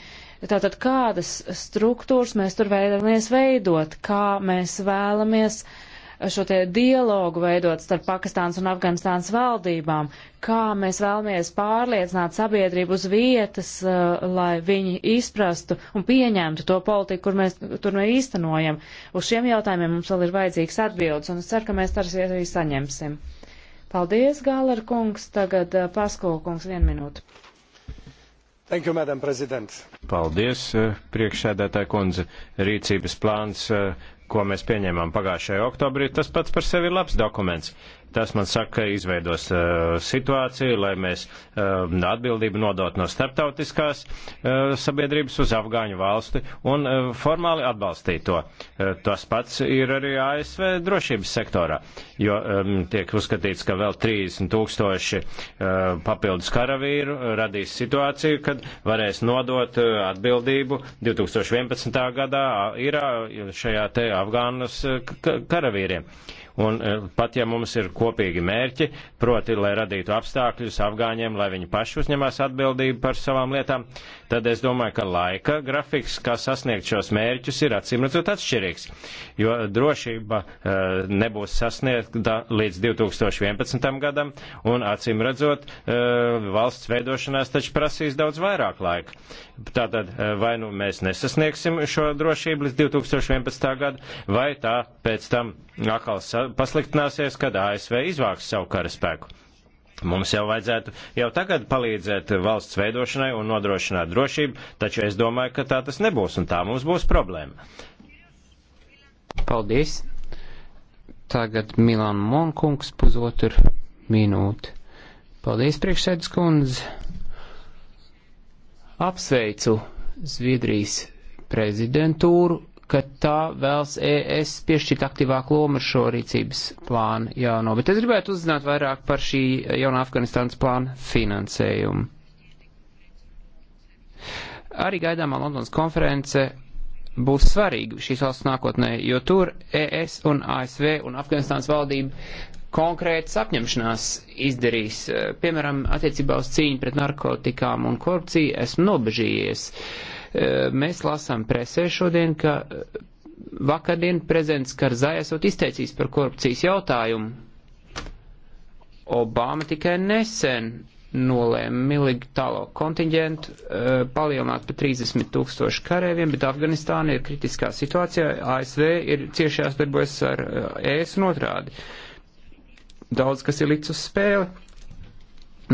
Tātad kādas struktūras mēs tur vēlamies veidot, kā mēs vēlamies uh, šo te dialogu veidot starp Pakistāns un Afganistāns valdībām, kā mēs vēlamies pārliecināt sabiedrību uz vietas, uh, lai viņi izprastu un pieņemtu to politiku, kur mēs tur mēs īstenojam. Uz šiem jautājumiem mums vēl ir vajadzīgs atbildes, un es ceru, ka mēs tās arī saņemsim. Paldies, Gāler kungs. Tagad eh, Pasko kungs vienu minūtu. Thank you, Madam President. Paldies, eh, priekšsēdētāja kundze. Rīcības plāns eh, ko mēs pieņēmām pagājušajā oktobrī, tas pats par sevi ir labs dokuments. Tas man saka, izveidos uh, situāciju, lai mēs uh, atbildību nodot no starptautiskās uh, sabiedrības uz Afgāņu valsti un uh, formāli atbalstīt to. Uh, tas pats ir arī ASV drošības sektorā, jo um, tiek uzskatīts, ka vēl 30 tūkstoši uh, papildus karavīru radīs situāciju, kad varēs nodot uh, atbildību 2011. gadā uh, Irā šajā te Afgānas uh, karavīriem. Uh, Un eh, pat ja mums ir kopīgi mērķi, proti, lai radītu apstākļus afgāņiem, lai viņi paši uzņemās atbildību par savām lietām, tad es domāju, ka laika grafiks, kā sasniegt šos mērķus, ir acīmredzot atšķirīgs, jo drošība eh, nebūs sasniegta līdz 2011. gadam, un acīmredzot eh, valsts veidošanās taču prasīs daudz vairāk laika. Tātad eh, vai nu mēs nesasniegsim šo drošību līdz 2011. gadu, vai tā pēc tam atkal pasliktināsies, kad ASV izvāks savu karaspēku. Mums jau vajadzētu jau tagad palīdzēt valsts veidošanai un nodrošināt drošību, taču es domāju, ka tā tas nebūs un tā mums būs problēma. Paldies. Tagad Milan Monkungs pusotru minūti. Paldies, priekšsēdus kundze. Apsveicu Zviedrijas prezidentūru ka tā vēlas ES piešķirt aktīvāku lomu šo rīcības plānu jauno. Bet es gribētu uzzināt vairāk par šī jaunā Afganistānas plāna finansējumu. Arī gaidāmā Londonas konference būs svarīga šīs valsts nākotnē, jo tur ES un ASV un Afganistānas valdība konkrētas apņemšanās izdarīs. Piemēram, attiecībā uz cīņu pret narkotikām un korupciju esmu nobežījies. Uh, Eh, mēs lasām presē šodien, ka eh, vakardien prezidents Karzai esot izteicis par korupcijas jautājumu. Obama tikai nesen nolēma milīgi tālo kontingentu eh, palielināt pa 30 tūkstošu karēviem, bet Afganistāna ir kritiskā situācijā, ASV ir cieši jāsadarbojas ar ES e un otrādi. Daudz kas ir likts uz spēli,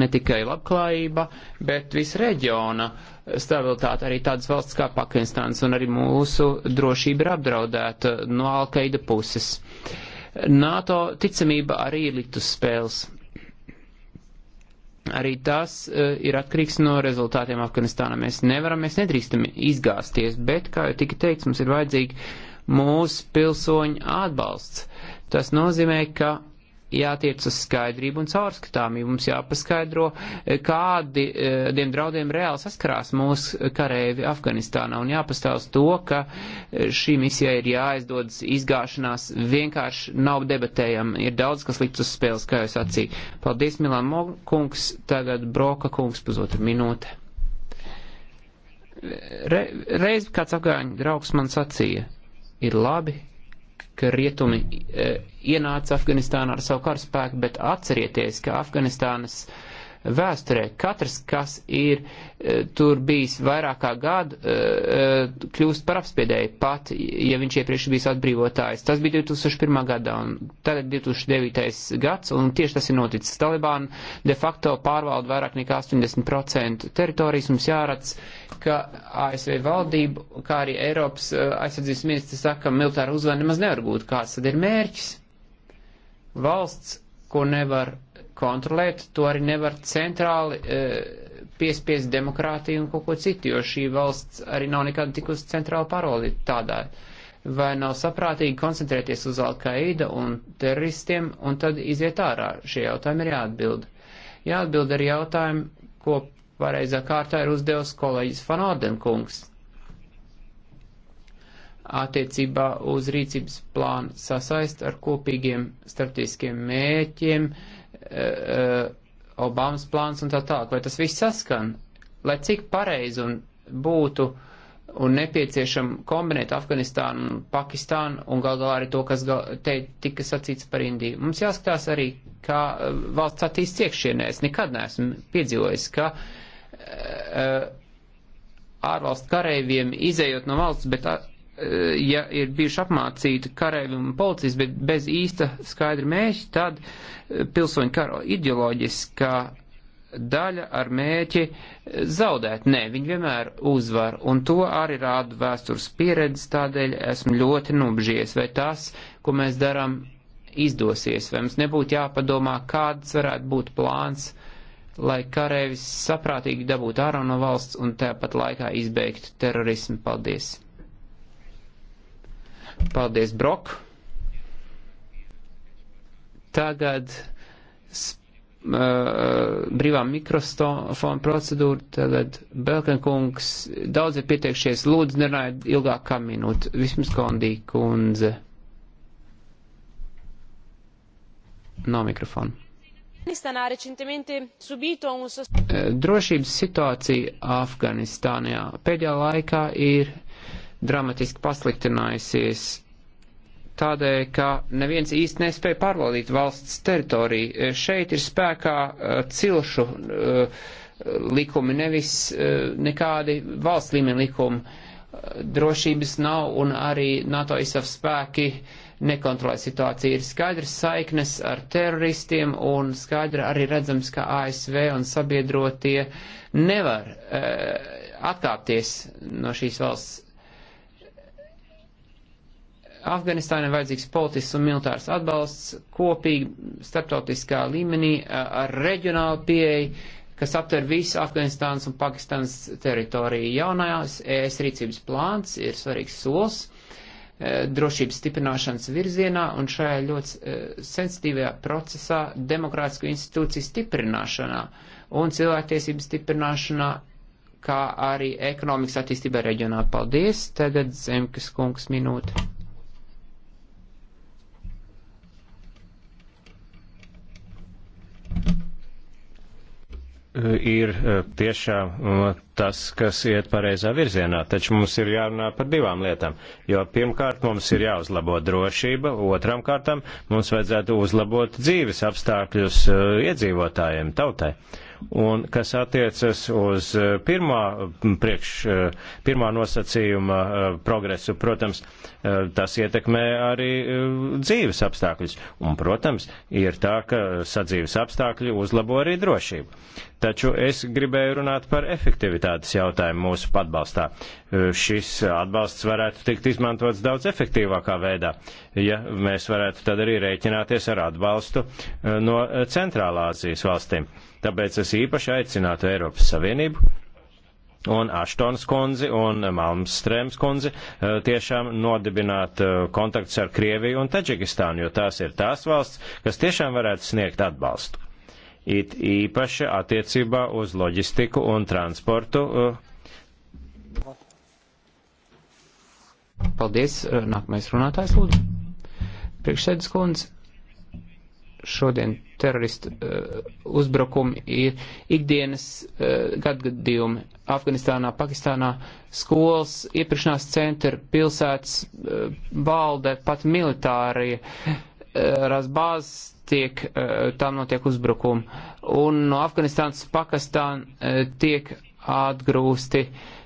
ne tikai labklājība, bet visa reģiona uh, stabilitāti arī tādas valsts kā Pakistāns, un arī mūsu drošība ir apdraudēta no Alkaida puses. NATO ticamība arī ir likt uz spēles. Arī tas uh, ir atkarīgs no rezultātiem Afganistānā. Mēs nevaram, mēs nedrīkstam izgāzties, bet, kā jau tika teikts, mums ir vajadzīgi mūsu pilsoņu atbalsts. Tas nozīmē, ka jātiec uz skaidrību un caurskatāmību. Mums jāpaskaidro, kādiem eh, draudiem reāli saskarās mūsu karēvi Afganistānā un jāpastāv uz to, ka eh, šī misija ir jāaizdodas izgāšanās vienkārši nav debatējama. Ir daudz, kas likts uz spēles, kā jūs acīja. Paldies, Milan Mokungs, tagad Broka kungs pusotra minūte. Re, reiz kāds afgāņu draugs man sacīja, ir labi, ka rietumi e, ienāca Afganistānā ar savu karaspēku, bet atcerieties, ka Afganistānas e, vēsturē. Katrs, kas ir e, tur bijis vairāk kā gadu, e, e, kļūst par apspiedēju pat, ja viņš iepriekš bijis atbrīvotājs. Tas bija 2001. gadā un tagad 2009. gads, un tieši tas ir noticis. Taliban de facto pārvalda vairāk nekā 80% teritorijas. Mums jārats, ka ASV valdība, kā arī Eiropas aizsardzības ministrs saka, militāra uzvara nemaz nevar būt. Kāds tad ir mērķis? Valsts, ko nevar kontrolēt, to arī nevar centrāli e, piespiest demokrātiju un kaut ko citu, jo šī valsts arī nav nekad tikus centrāli pārvaldīta tādā. Vai nav saprātīgi koncentrēties uz Al-Qaida un teroristiem un tad iziet ārā? Šie jautājumi ir jāatbild. Jāatbild arī jautājumi, ko pareizā kārtā ir uzdevis kolēģis Fanorden kungs attiecībā uz rīcības plānu sasaist ar kopīgiem starptautiskiem mēķiem, uh, Uh, Obamas plāns un tā tālāk, vai tas viss saskan, lai cik pareizi un būtu un nepieciešam kombinēt Afganistānu un Pakistānu un gal galā arī to, kas gal, te tika sacīts par Indiju. Mums jāskatās arī, kā uh, valsts attīsts iekšienē. Es nekad neesmu piedzīvojis, ka uh, uh ārvalstu kareiviem izējot no valsts, bet ja ir bijuši apmācīti karēvi un policijas, bet bez īsta skaidra mēķa, tad eh, pilsoņu karo ideoloģiskā daļa ar mēķi eh, zaudēt. Nē, viņi vienmēr uzvar, un to arī rāda vēstures pieredze, tādēļ esmu ļoti nubžies, vai tas, ko mēs darām, izdosies, vai mums nebūtu jāpadomā, kāds varētu būt plāns, lai karēvis saprātīgi dabūtu ārā no valsts un tāpat laikā izbeigtu terorismu. Paldies! Paldies, Brok. Tagad brīvā mikrofona procedūra, tagad Belkankungs, daudz ir pieteikšies, lūdzu, nerunājiet ilgāk kā minūte, vismaz Kondī kundze. No mikrofona. Drošības situācija Afganistānā pēdējā laikā ir dramatiski pasliktinājusies tādēļ, ka neviens īsti nespēja pārvaldīt valsts teritoriju. E, šeit ir spēkā e, cilšu e, likumi, nevis nekādi valsts līmeņa likumi. Drošības nav un arī NATO ISAF spēki nekontrolē situāciju. Ir skaidrs saiknes ar teroristiem un skaidri arī redzams, ka ASV un sabiedrotie nevar atkāpties no šīs valsts Afganistānai vajadzīgs politisks un militārs atbalsts kopīgi starptautiskā līmenī ar reģionālu pieeju, kas aptver visu Afganistānas un Pakistānas teritoriju. Jaunajās ES rīcības plāns ir svarīgs solis e, drošības stiprināšanas virzienā un šajā ļoti e, sensitīvajā procesā demokrātisku institūciju stiprināšanā un cilvēktiesību stiprināšanā, kā arī ekonomikas attīstībā reģionā. Paldies! Tagad Zemkas kungs minūte. ir e, tiešām tas, kas iet pareizā virzienā, taču mums ir jārunā par divām lietām, jo pirmkārt mums ir jāuzlabo drošība, otram kārtam mums vajadzētu uzlabot dzīves apstākļus e, iedzīvotājiem, tautai. Uh, Un kas attiecas uz eh, pirmā, priekš, eh, pirmā nosacījuma eh, progresu, protams, tas ietekmē arī dzīves apstākļus. Un, protams, ir tā, ka sadzīves apstākļi uzlabo arī drošību. Taču es gribēju runāt par efektivitātes jautājumu mūsu atbalstā. Šis atbalsts varētu tikt izmantots daudz efektīvākā veidā, ja mēs varētu tad arī rēķināties ar atbalstu no Centrālā Azijas valstīm. Tāpēc es īpaši aicinātu Eiropas Savienību un Aštons kundzi un Malmstrēms kundzi eh, tiešām nodibināt eh, kontakts ar Krieviju un Taģikistānu, jo tās ir tās valsts, kas tiešām varētu sniegt atbalstu. It īpaši attiecībā uz loģistiku un transportu. Eh. Paldies. Nākamais runātājs lūdzu. Priekšsēdus kundze. Šodien teroristu uh, uzbrukumi ir ikdienas uh, gadgadījumi Afganistānā, Pakistānā, skolas, iepirkšanās centri, pilsētas, uh, valde, pat militārie uh, bāzes tiek, uh, tam notiek uzbrukumi. Un no Afganistānas Pakistāna uh, tiek atgrūsti uh,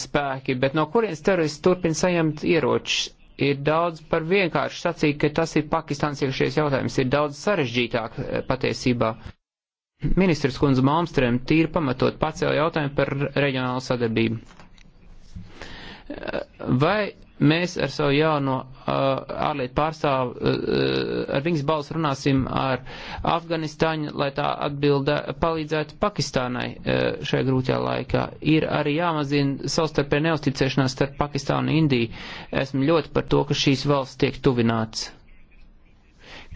spēki, bet no kurienes teroristi turpina saņemt ieročus? Ir daudz par vienkārši sacīt, ka tas ir Pakistāns iekšies jautājums, ir daudz sarežģītāk eh, patiesībā. Ministrs kundze Malmstrēm tīri pamatot pacēla jautājumu par reģionālu sadarbību. Eh, vai Mēs ar savu jauno uh, ārlietu pārstāvu, uh, uh, ar viņas balsu runāsim ar Afganistāņu, lai tā atbilda, palīdzētu Pakistānai uh, šajā grūtajā laikā. Ir arī jāmazina savstarpēja neusticēšanās starp Pakistānu un Indiju. Esmu ļoti par to, ka šīs valsts tiek tuvināts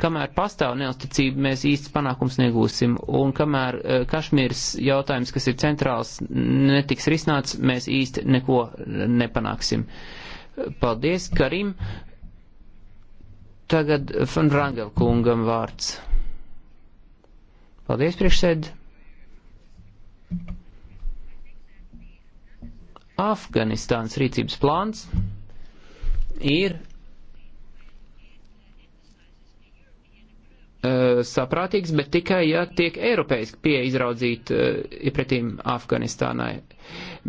kamēr pastāv neusticība, mēs īsts panākums negūsim, un kamēr uh, Kašmīras jautājums, kas ir centrāls, netiks risināts, mēs īsti neko nepanāksim. Uh, Paldies, Karim. Tagad Fan Rangel kungam vārds. Paldies, priekšsēd. Afganistāns rīcības plāns ir Eh, saprātīgs, bet tikai, ja tiek eiropeiski pie izraudzīt uh, eh, iepretīm Afganistānai.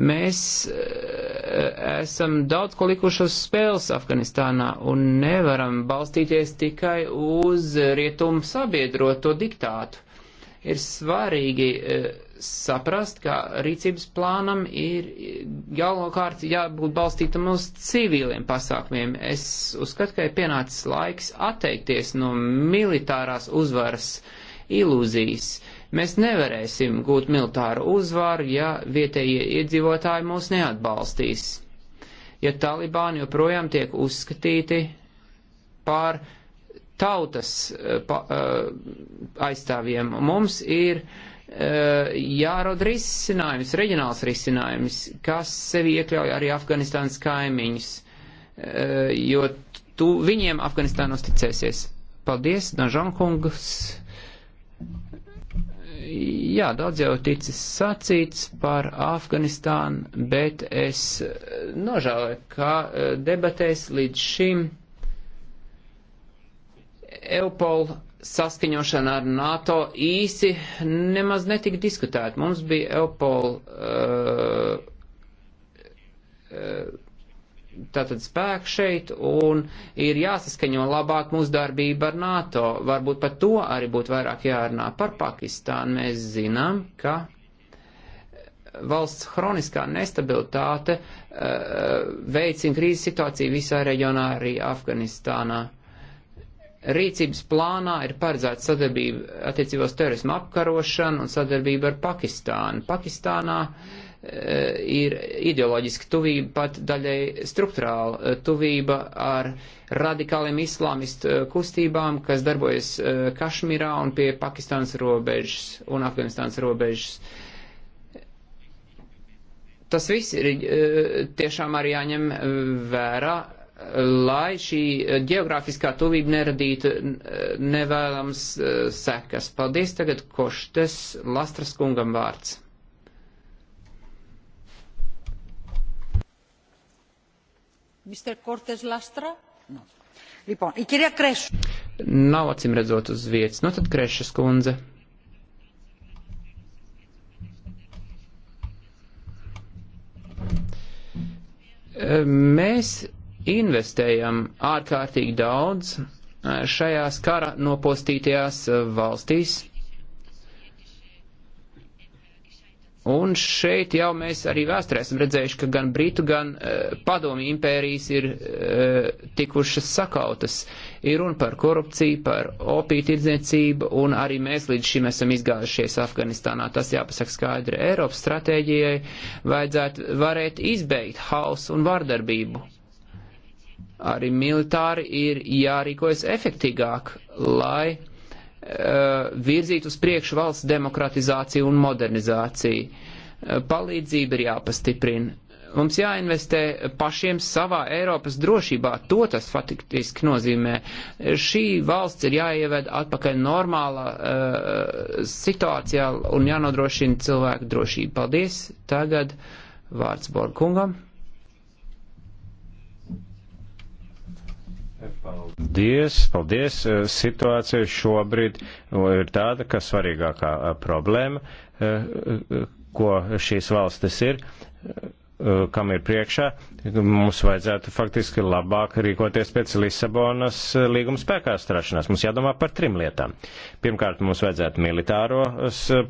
Mēs uh, esam daudz ko likuši uz spēles Afganistānā un nevaram balstīties tikai uz rietumu sabiedroto diktātu. Ir svarīgi uh, saprast, ka rīcības plānam ir galvenokārt jābūt balstītam uz civiliem pasākumiem. Es uzskatu, ka ir pienācis laiks atteikties no militārās uzvaras ilūzijas. Mēs nevarēsim gūt militāru uzvaru, ja vietējie iedzīvotāji mūs neatbalstīs. Ja talibāni joprojām tiek uzskatīti par tautas eh, pa, eh, aizstāvjiem, mums ir uh, jārod risinājums, reģionāls risinājums, kas sevi iekļauj arī Afganistānas kaimiņus, eh, jo tu viņiem Afganistāna uzticēsies. Paldies, Dažan kungs. Jā, daudz jau ticis sacīts par Afganistānu, bet es nožēloju, ka eh, debatēs līdz šim Eupola saskaņošana ar NATO īsi nemaz netika diskutēta. Mums bija Eupol uh, uh, tātad spēks šeit un ir jāsaskaņo labāk mūsu darbība ar NATO. Varbūt par to arī būtu vairāk jārunā. Par Pakistānu mēs zinām, ka valsts hroniskā nestabilitāte uh, veicina krīzes situāciju visā reģionā, arī Afganistānā. Uh, Rīcības plānā ir paredzēta sadarbība attiecībos terorismu apkarošanu un sadarbība ar Pakistānu. Pakistānā eh, ir ideoloģiska tuvība, pat daļai struktūrāla eh, tuvība ar radikāliem islāmistu eh, kustībām, kas darbojas Kašmirā un pie Pakistānas robežas un Afganistānas robežas. Tas viss ir tiešām arī jāņem vērā lai šī geogrāfiskā tuvība neradītu nevēlams e, sekas. Paldies tagad Koštes Lastras kungam vārds. Mr. Cortes Lastra? No. Lipon, ir kirja Kreš. Nav acīm redzot uz vietas. Nu tad Krešas kundze. E, mēs investējam ārkārtīgi daudz eh, šajās kara nopostītajās eh, valstīs. Un šeit jau mēs arī vēsturē esam redzējuši, ka gan Britu, gan uh, eh, Padomi impērijas ir uh, tikušas sakautas. Ir runa par korupciju, par opiju tirdzniecību, un arī mēs līdz šim esam izgājušies Afganistānā. Tas jāpasaka skaidri. Eiropas stratēģijai vajadzētu varēt izbeigt hausu un vardarbību arī militāri ir jārīkojas efektīgāk, lai uh, virzītu uz priekšu valsts demokratizāciju un modernizāciju. Uh, palīdzība ir jāpastiprina. Mums jāinvestē pašiem savā Eiropas drošībā, to tas faktiski nozīmē. Šī valsts ir jāieved atpakaļ normālā uh, situācijā un jānodrošina cilvēku drošību. Paldies! Tagad vārds Borgungam. Paldies, paldies. Eh, situācija šobrīd ir tāda, ka svarīgākā eh, problēma, eh, ko šīs valstis ir, kam ir priekšā, mums vajadzētu faktiski labāk rīkoties pēc Lisabonas līguma spēkā strašanās. Mums jādomā par trim lietām. Pirmkārt, mums vajadzētu militāro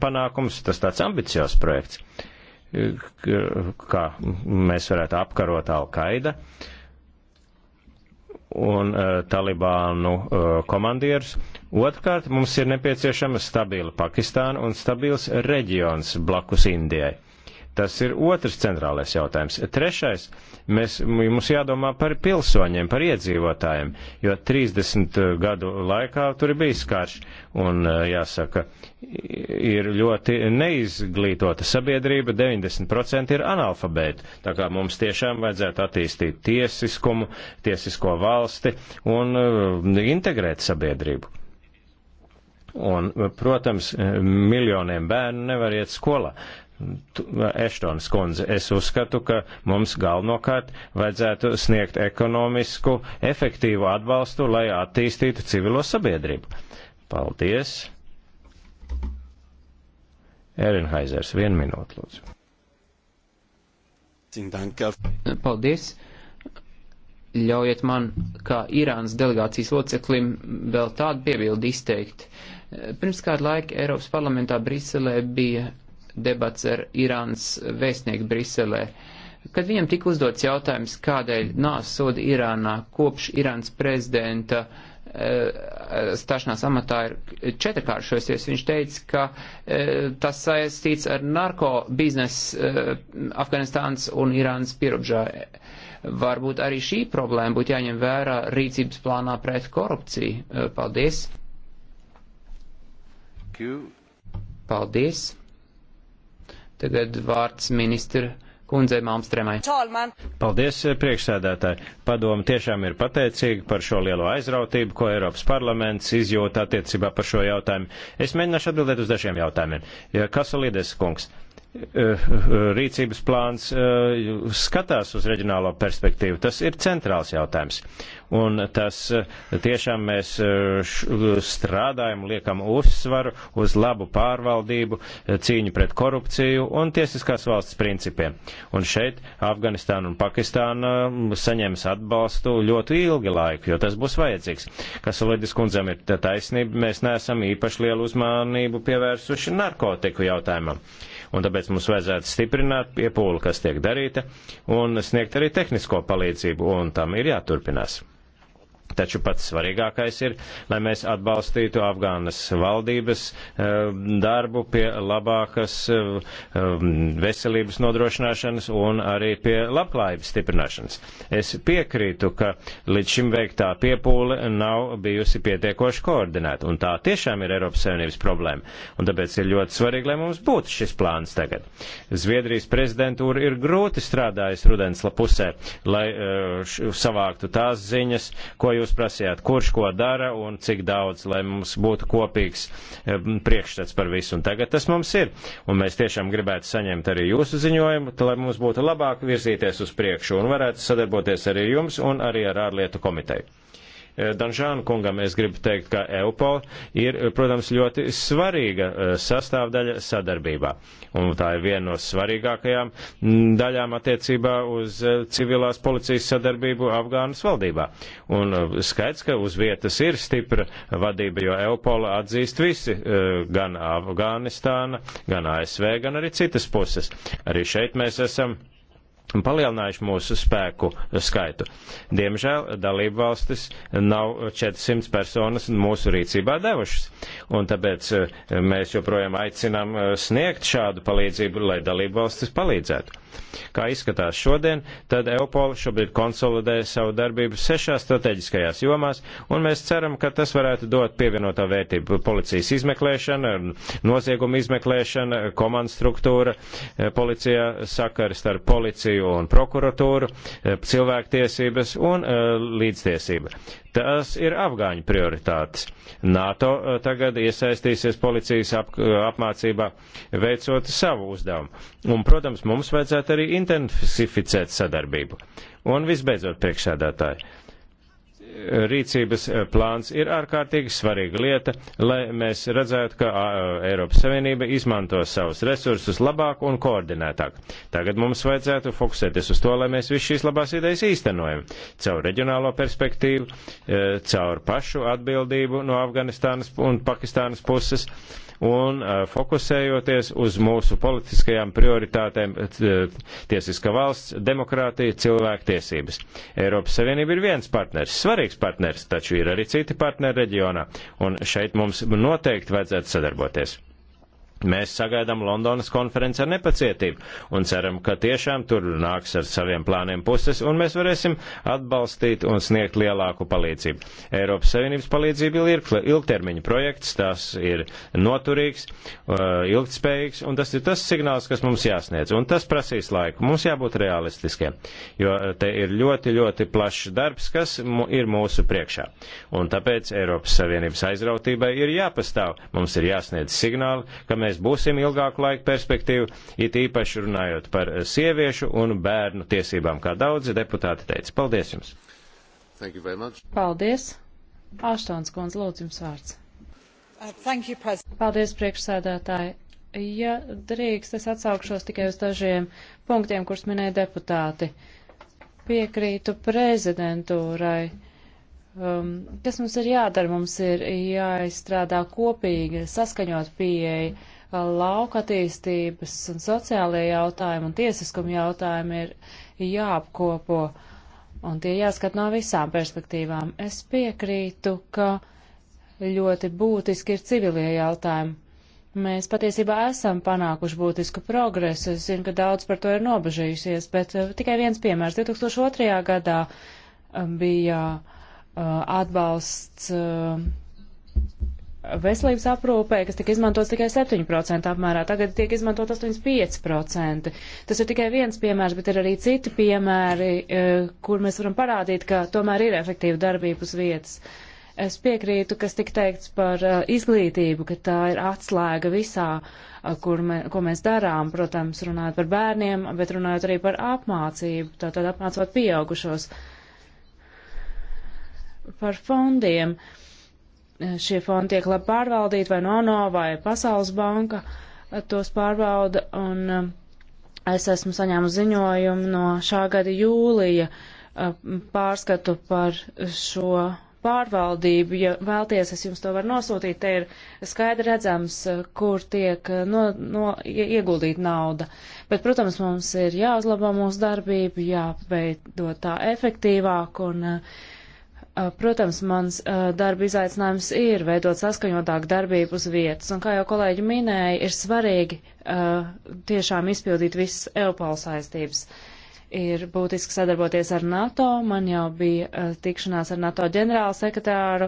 panākums, tas tāds ambiciozs projekts, kā mēs varētu apkarot Al-Qaida. Uh, un uh, Talibānu uh, komandierus. Otrkārt, mums ir nepieciešama stabila Pakistāna un stabils reģions blakus Indijai. Tas ir otrs centrālais jautājums. Trešais, mēs, mums jādomā par pilsoņiem, par iedzīvotājiem, jo 30 eh, gadu laikā tur ir bijis karš un, eh, jāsaka, ir ļoti neizglītota sabiedrība, 90% ir analfabēti. Tā kā mums tiešām vajadzētu attīstīt tiesiskumu, tiesisko valsti un eh, integrēt sabiedrību. Un, protams, miljoniem bērnu nevar iet skolā. Eštons kundze, es uzskatu, ka mums galvenokārt vajadzētu sniegt ekonomisku, efektīvu atbalstu, lai attīstītu civilo sabiedrību. Paldies! Erinhaizers, vienu minūtu, lūdzu. Paldies! Ļaujiet man, kā Irānas delegācijas loceklim, vēl tādu piebildi izteikt. Pirms kādu laiku Eiropas parlamentā Briselē bija debats ar Irānas vēstnieku Briselē. Kad viņam tika uzdots jautājums, kādēļ nāves soda Irānā kopš Irānas prezidenta uh, stāšanās amatā ir četrkāršojusies. Viņš teica, ka e, tas saistīts ar narko biznesu e, eh, Afganistānas un Irānas pierobežā. Varbūt arī šī problēma būtu jāņem vērā rīcības plānā pret korupciju. Paldies! Paldies! Tagad vārds ministra kundzei Malmstrēmai. Paldies, eh, priekšsēdētāji. Padoma tiešām ir pateicīga par šo lielo aizrautību, ko Eiropas parlaments izjūta attiecībā par šo jautājumu. Es mēģināšu atbildēt uz dažiem jautājumiem. Kasolides kungs. Eh, eh, rīcības plāns eh, skatās uz reģionālo perspektīvu. Tas ir centrāls jautājums. Un tas tiešām mēs strādājam, liekam uzsvaru uz labu pārvaldību, cīņu pret korupciju un tiesiskās valsts principiem. Un šeit Afganistāna un Pakistāna mm, saņems atbalstu ļoti ilgi laiku, jo tas būs vajadzīgs. Kas Solidis kundzam ir taisnība, mēs neesam īpaši lielu uzmanību pievērsuši narkotiku jautājumam un tāpēc mums vajadzētu stiprināt piepūli, kas tiek darīta, un sniegt arī tehnisko palīdzību, un tam ir jāturpinās. Taču pats svarīgākais ir, lai mēs atbalstītu Afgānas valdības eh, darbu pie labākas eh, um, veselības nodrošināšanas un arī pie labklājības stiprināšanas. Es piekrītu, ka līdz šim veiktā piepūle nav bijusi pietiekoši koordinēta, un tā tiešām ir Eiropas Savienības problēma, un tāpēc ir ļoti svarīgi, lai mums būtu šis plāns tagad. Zviedrijas prezidentūra ir grūti strādājusi rudens lapusē, lai eh, savāktu tās ziņas, ko jūs prasījāt, kurš ko dara un cik daudz, lai mums būtu kopīgs eh, priekšstats par visu. Un tagad tas mums ir. Un mēs tiešām gribētu saņemt arī jūsu ziņojumu, lai mums būtu labāk virzīties uz priekšu un varētu sadarboties arī jums un arī ar ārlietu komiteju. Eh, Danžānu kungam es gribu teikt, ka EUPOL ir, eh, protams, ļoti svarīga eh, sastāvdaļa sadarbībā. Un tā ir viena no svarīgākajām daļām attiecībā uz civilās policijas sadarbību Afgānas valdībā. Un skaidrs, ka uz vietas ir stipra vadība, jo EUPOLA atzīst visi, gan Afganistāna, gan ASV, gan arī citas puses. Arī šeit mēs esam un palielinājuši mūsu spēku skaitu. Diemžēl dalību valstis nav 400 personas mūsu rīcībā devušas, un tāpēc eh, mēs joprojām aicinām eh, sniegt šādu palīdzību, lai dalību valstis palīdzētu. Kā izskatās šodien, tad Eupol šobrīd konsolidē savu darbību sešās strateģiskajās jomās, un mēs ceram, ka tas varētu dot pievienotā vērtību policijas izmeklēšana, nozieguma izmeklēšana, komandas struktūra, eh, policijā sakari starp policiju policiju un prokuratūru, eh, cilvēktiesības un eh, līdztiesība. Tas ir afgāņu prioritātes. NATO eh, tagad iesaistīsies policijas ap, apmācībā, veicot savu uzdevumu. Un, protams, mums vajadzētu arī intensificēt sadarbību. Un visbeidzot, priekšsēdētāji rīcības eh, plāns ir ārkārtīgi svarīga lieta, lai mēs redzētu, ka Eiropas Savienība izmanto savus resursus labāk un koordinētāk. Tagad mums vajadzētu fokusēties uz to, lai mēs visu šīs labās idejas īstenojam. Caur reģionālo perspektīvu, eh, caur pašu atbildību no Afganistānas un Pakistānas puses un fokusējoties uz mūsu politiskajām prioritātēm tiesiska valsts, demokrātija, cilvēktiesības. Eiropas Savienība ir viens partners, svarīgs partners, taču ir arī citi partneri reģionā, un šeit mums noteikti vajadzētu sadarboties. Mēs sagaidām Londonas konferenci ar nepacietību un ceram, ka tiešām tur nāks ar saviem plāniem puses un mēs varēsim atbalstīt un sniegt lielāku palīdzību. Eiropas Savienības palīdzība ir ilgtermiņa projekts, tas ir noturīgs, uh, ilgtspējīgs un tas ir tas signāls, kas mums jāsniedz. Un tas prasīs laiku. Mums jābūt realistiskiem, jo uh, te ir ļoti, ļoti plašs darbs, kas ir mūsu priekšā. Un tāpēc Eiropas Savienības aizrautībai ir jāpastāv. Mums ir jāsniedz signāli, ka mēs mēs būsim ilgāku laiku perspektīvu, it īpaši runājot par sieviešu un bērnu tiesībām, kā daudzi deputāti teica. Paldies jums! Paldies! Ārštons kundze, lūdzu jums vārds. Uh, you, Paldies, priekšsēdētāji. Ja drīkst, es atsaukšos tikai uz dažiem punktiem, kurus minēja deputāti. Piekrītu prezidentūrai. Um, kas mums ir jādara? Mums ir jāizstrādā kopīga, saskaņot pieeja lauka attīstības un sociālie jautājumi un tiesiskuma jautājumi ir jāapkopo, un tie jāskat no visām perspektīvām. Es piekrītu, ka ļoti būtiski ir civilie jautājumi. Mēs patiesībā esam panākuši būtisku progresu. Es zinu, ka daudz par to ir nobežījusies, bet eh, tikai viens piemērs. 2002. gadā eh, bija eh, atbalsts veselības aprūpē, kas tika izmantots tikai 7% apmērā, tagad tiek izmantot 85%. Tas ir tikai viens piemērs, bet ir arī citi piemēri, e, kur mēs varam parādīt, ka tomēr ir efektīva darbības vietas. Es piekrītu, kas tika teikts par e, izglītību, ka tā ir atslēga visā, e, kur me, ko mēs darām, protams, runājot par bērniem, bet runājot arī par apmācību, tātad apmācot pieaugušos par fondiem. Uh, Eh, šie fondi tiek labi pārvaldīti, vai no ANO, vai Pasaules banka eh, tos pārvalda, un eh, es esmu saņēmu ziņojumu no šā gada jūlija pārskatu par šo pārvaldību. Ja vēlties, es jums to varu nosūtīt, te ir skaidri redzams, kur tiek no, no, ieguldīta nauda. Bet, protams, mums ir jāuzlabo mūsu darbību, jāveido tā efektīvāk un uh, Eh, protams, mans eh, darba izaicinājums ir veidot saskaņotāku darbību uz vietas, un kā jau kolēģi minēja, ir svarīgi uh, tiešām izpildīt visas Eupāla saistības. Ir būtiski sadarboties ar NATO, man jau bija uh, tikšanās ar NATO ģenerāla sekretāru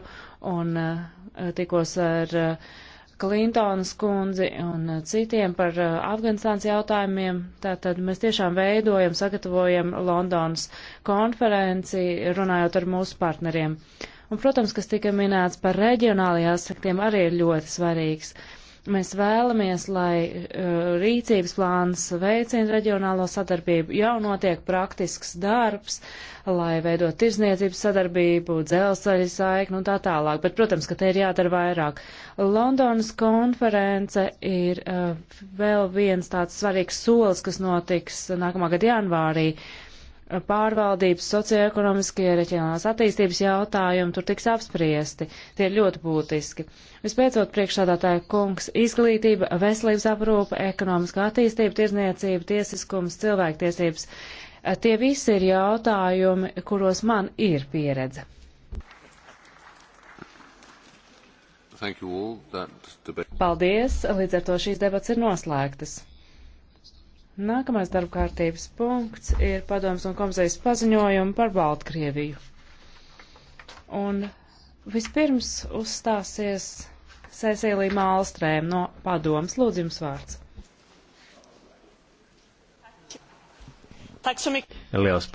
un uh, tikos ar uh, Klintonas kundzi un eh, citiem par eh, Afganistāns jautājumiem. Tātad mēs tiešām veidojam, sagatavojam Londonas konferenci, runājot ar mūsu partneriem. Un, protams, kas tika minēts par reģionālajiem aspektiem, arī ir ļoti svarīgs. Uh, Mēs vēlamies, lai uh, rīcības plāns veicina reģionālo sadarbību. Jau notiek praktisks darbs, lai veidot tirzniecības sadarbību, dzelzceļa saikni un tā tālāk. Bet, protams, ka te ir jādara vairāk. Londonas konference ir uh, vēl viens tāds svarīgs solis, kas notiks nākamā gada janvārī. Uh, pārvaldības, socioekonomiskie, reģionālās attīstības jautājumi tur tiks apspriesti. Tie ir ļoti būtiski. Vispēcot priekšādātāja kungs, izglītība, veselības aprūpa, ekonomiskā attīstība, tirzniecība, tiesiskums, cilvēktiesības. Tie visi ir jautājumi, kuros man ir pieredze. Paldies, līdz ar to šīs debats ir noslēgtas. Nākamais darba kārtības punkts ir padoms un komisijas paziņojumi par Baltkrieviju. Un vispirms uzstāsies Cecīlija Mālstrēm no padoms. Lūdzu, jums vārds. Liels paldies!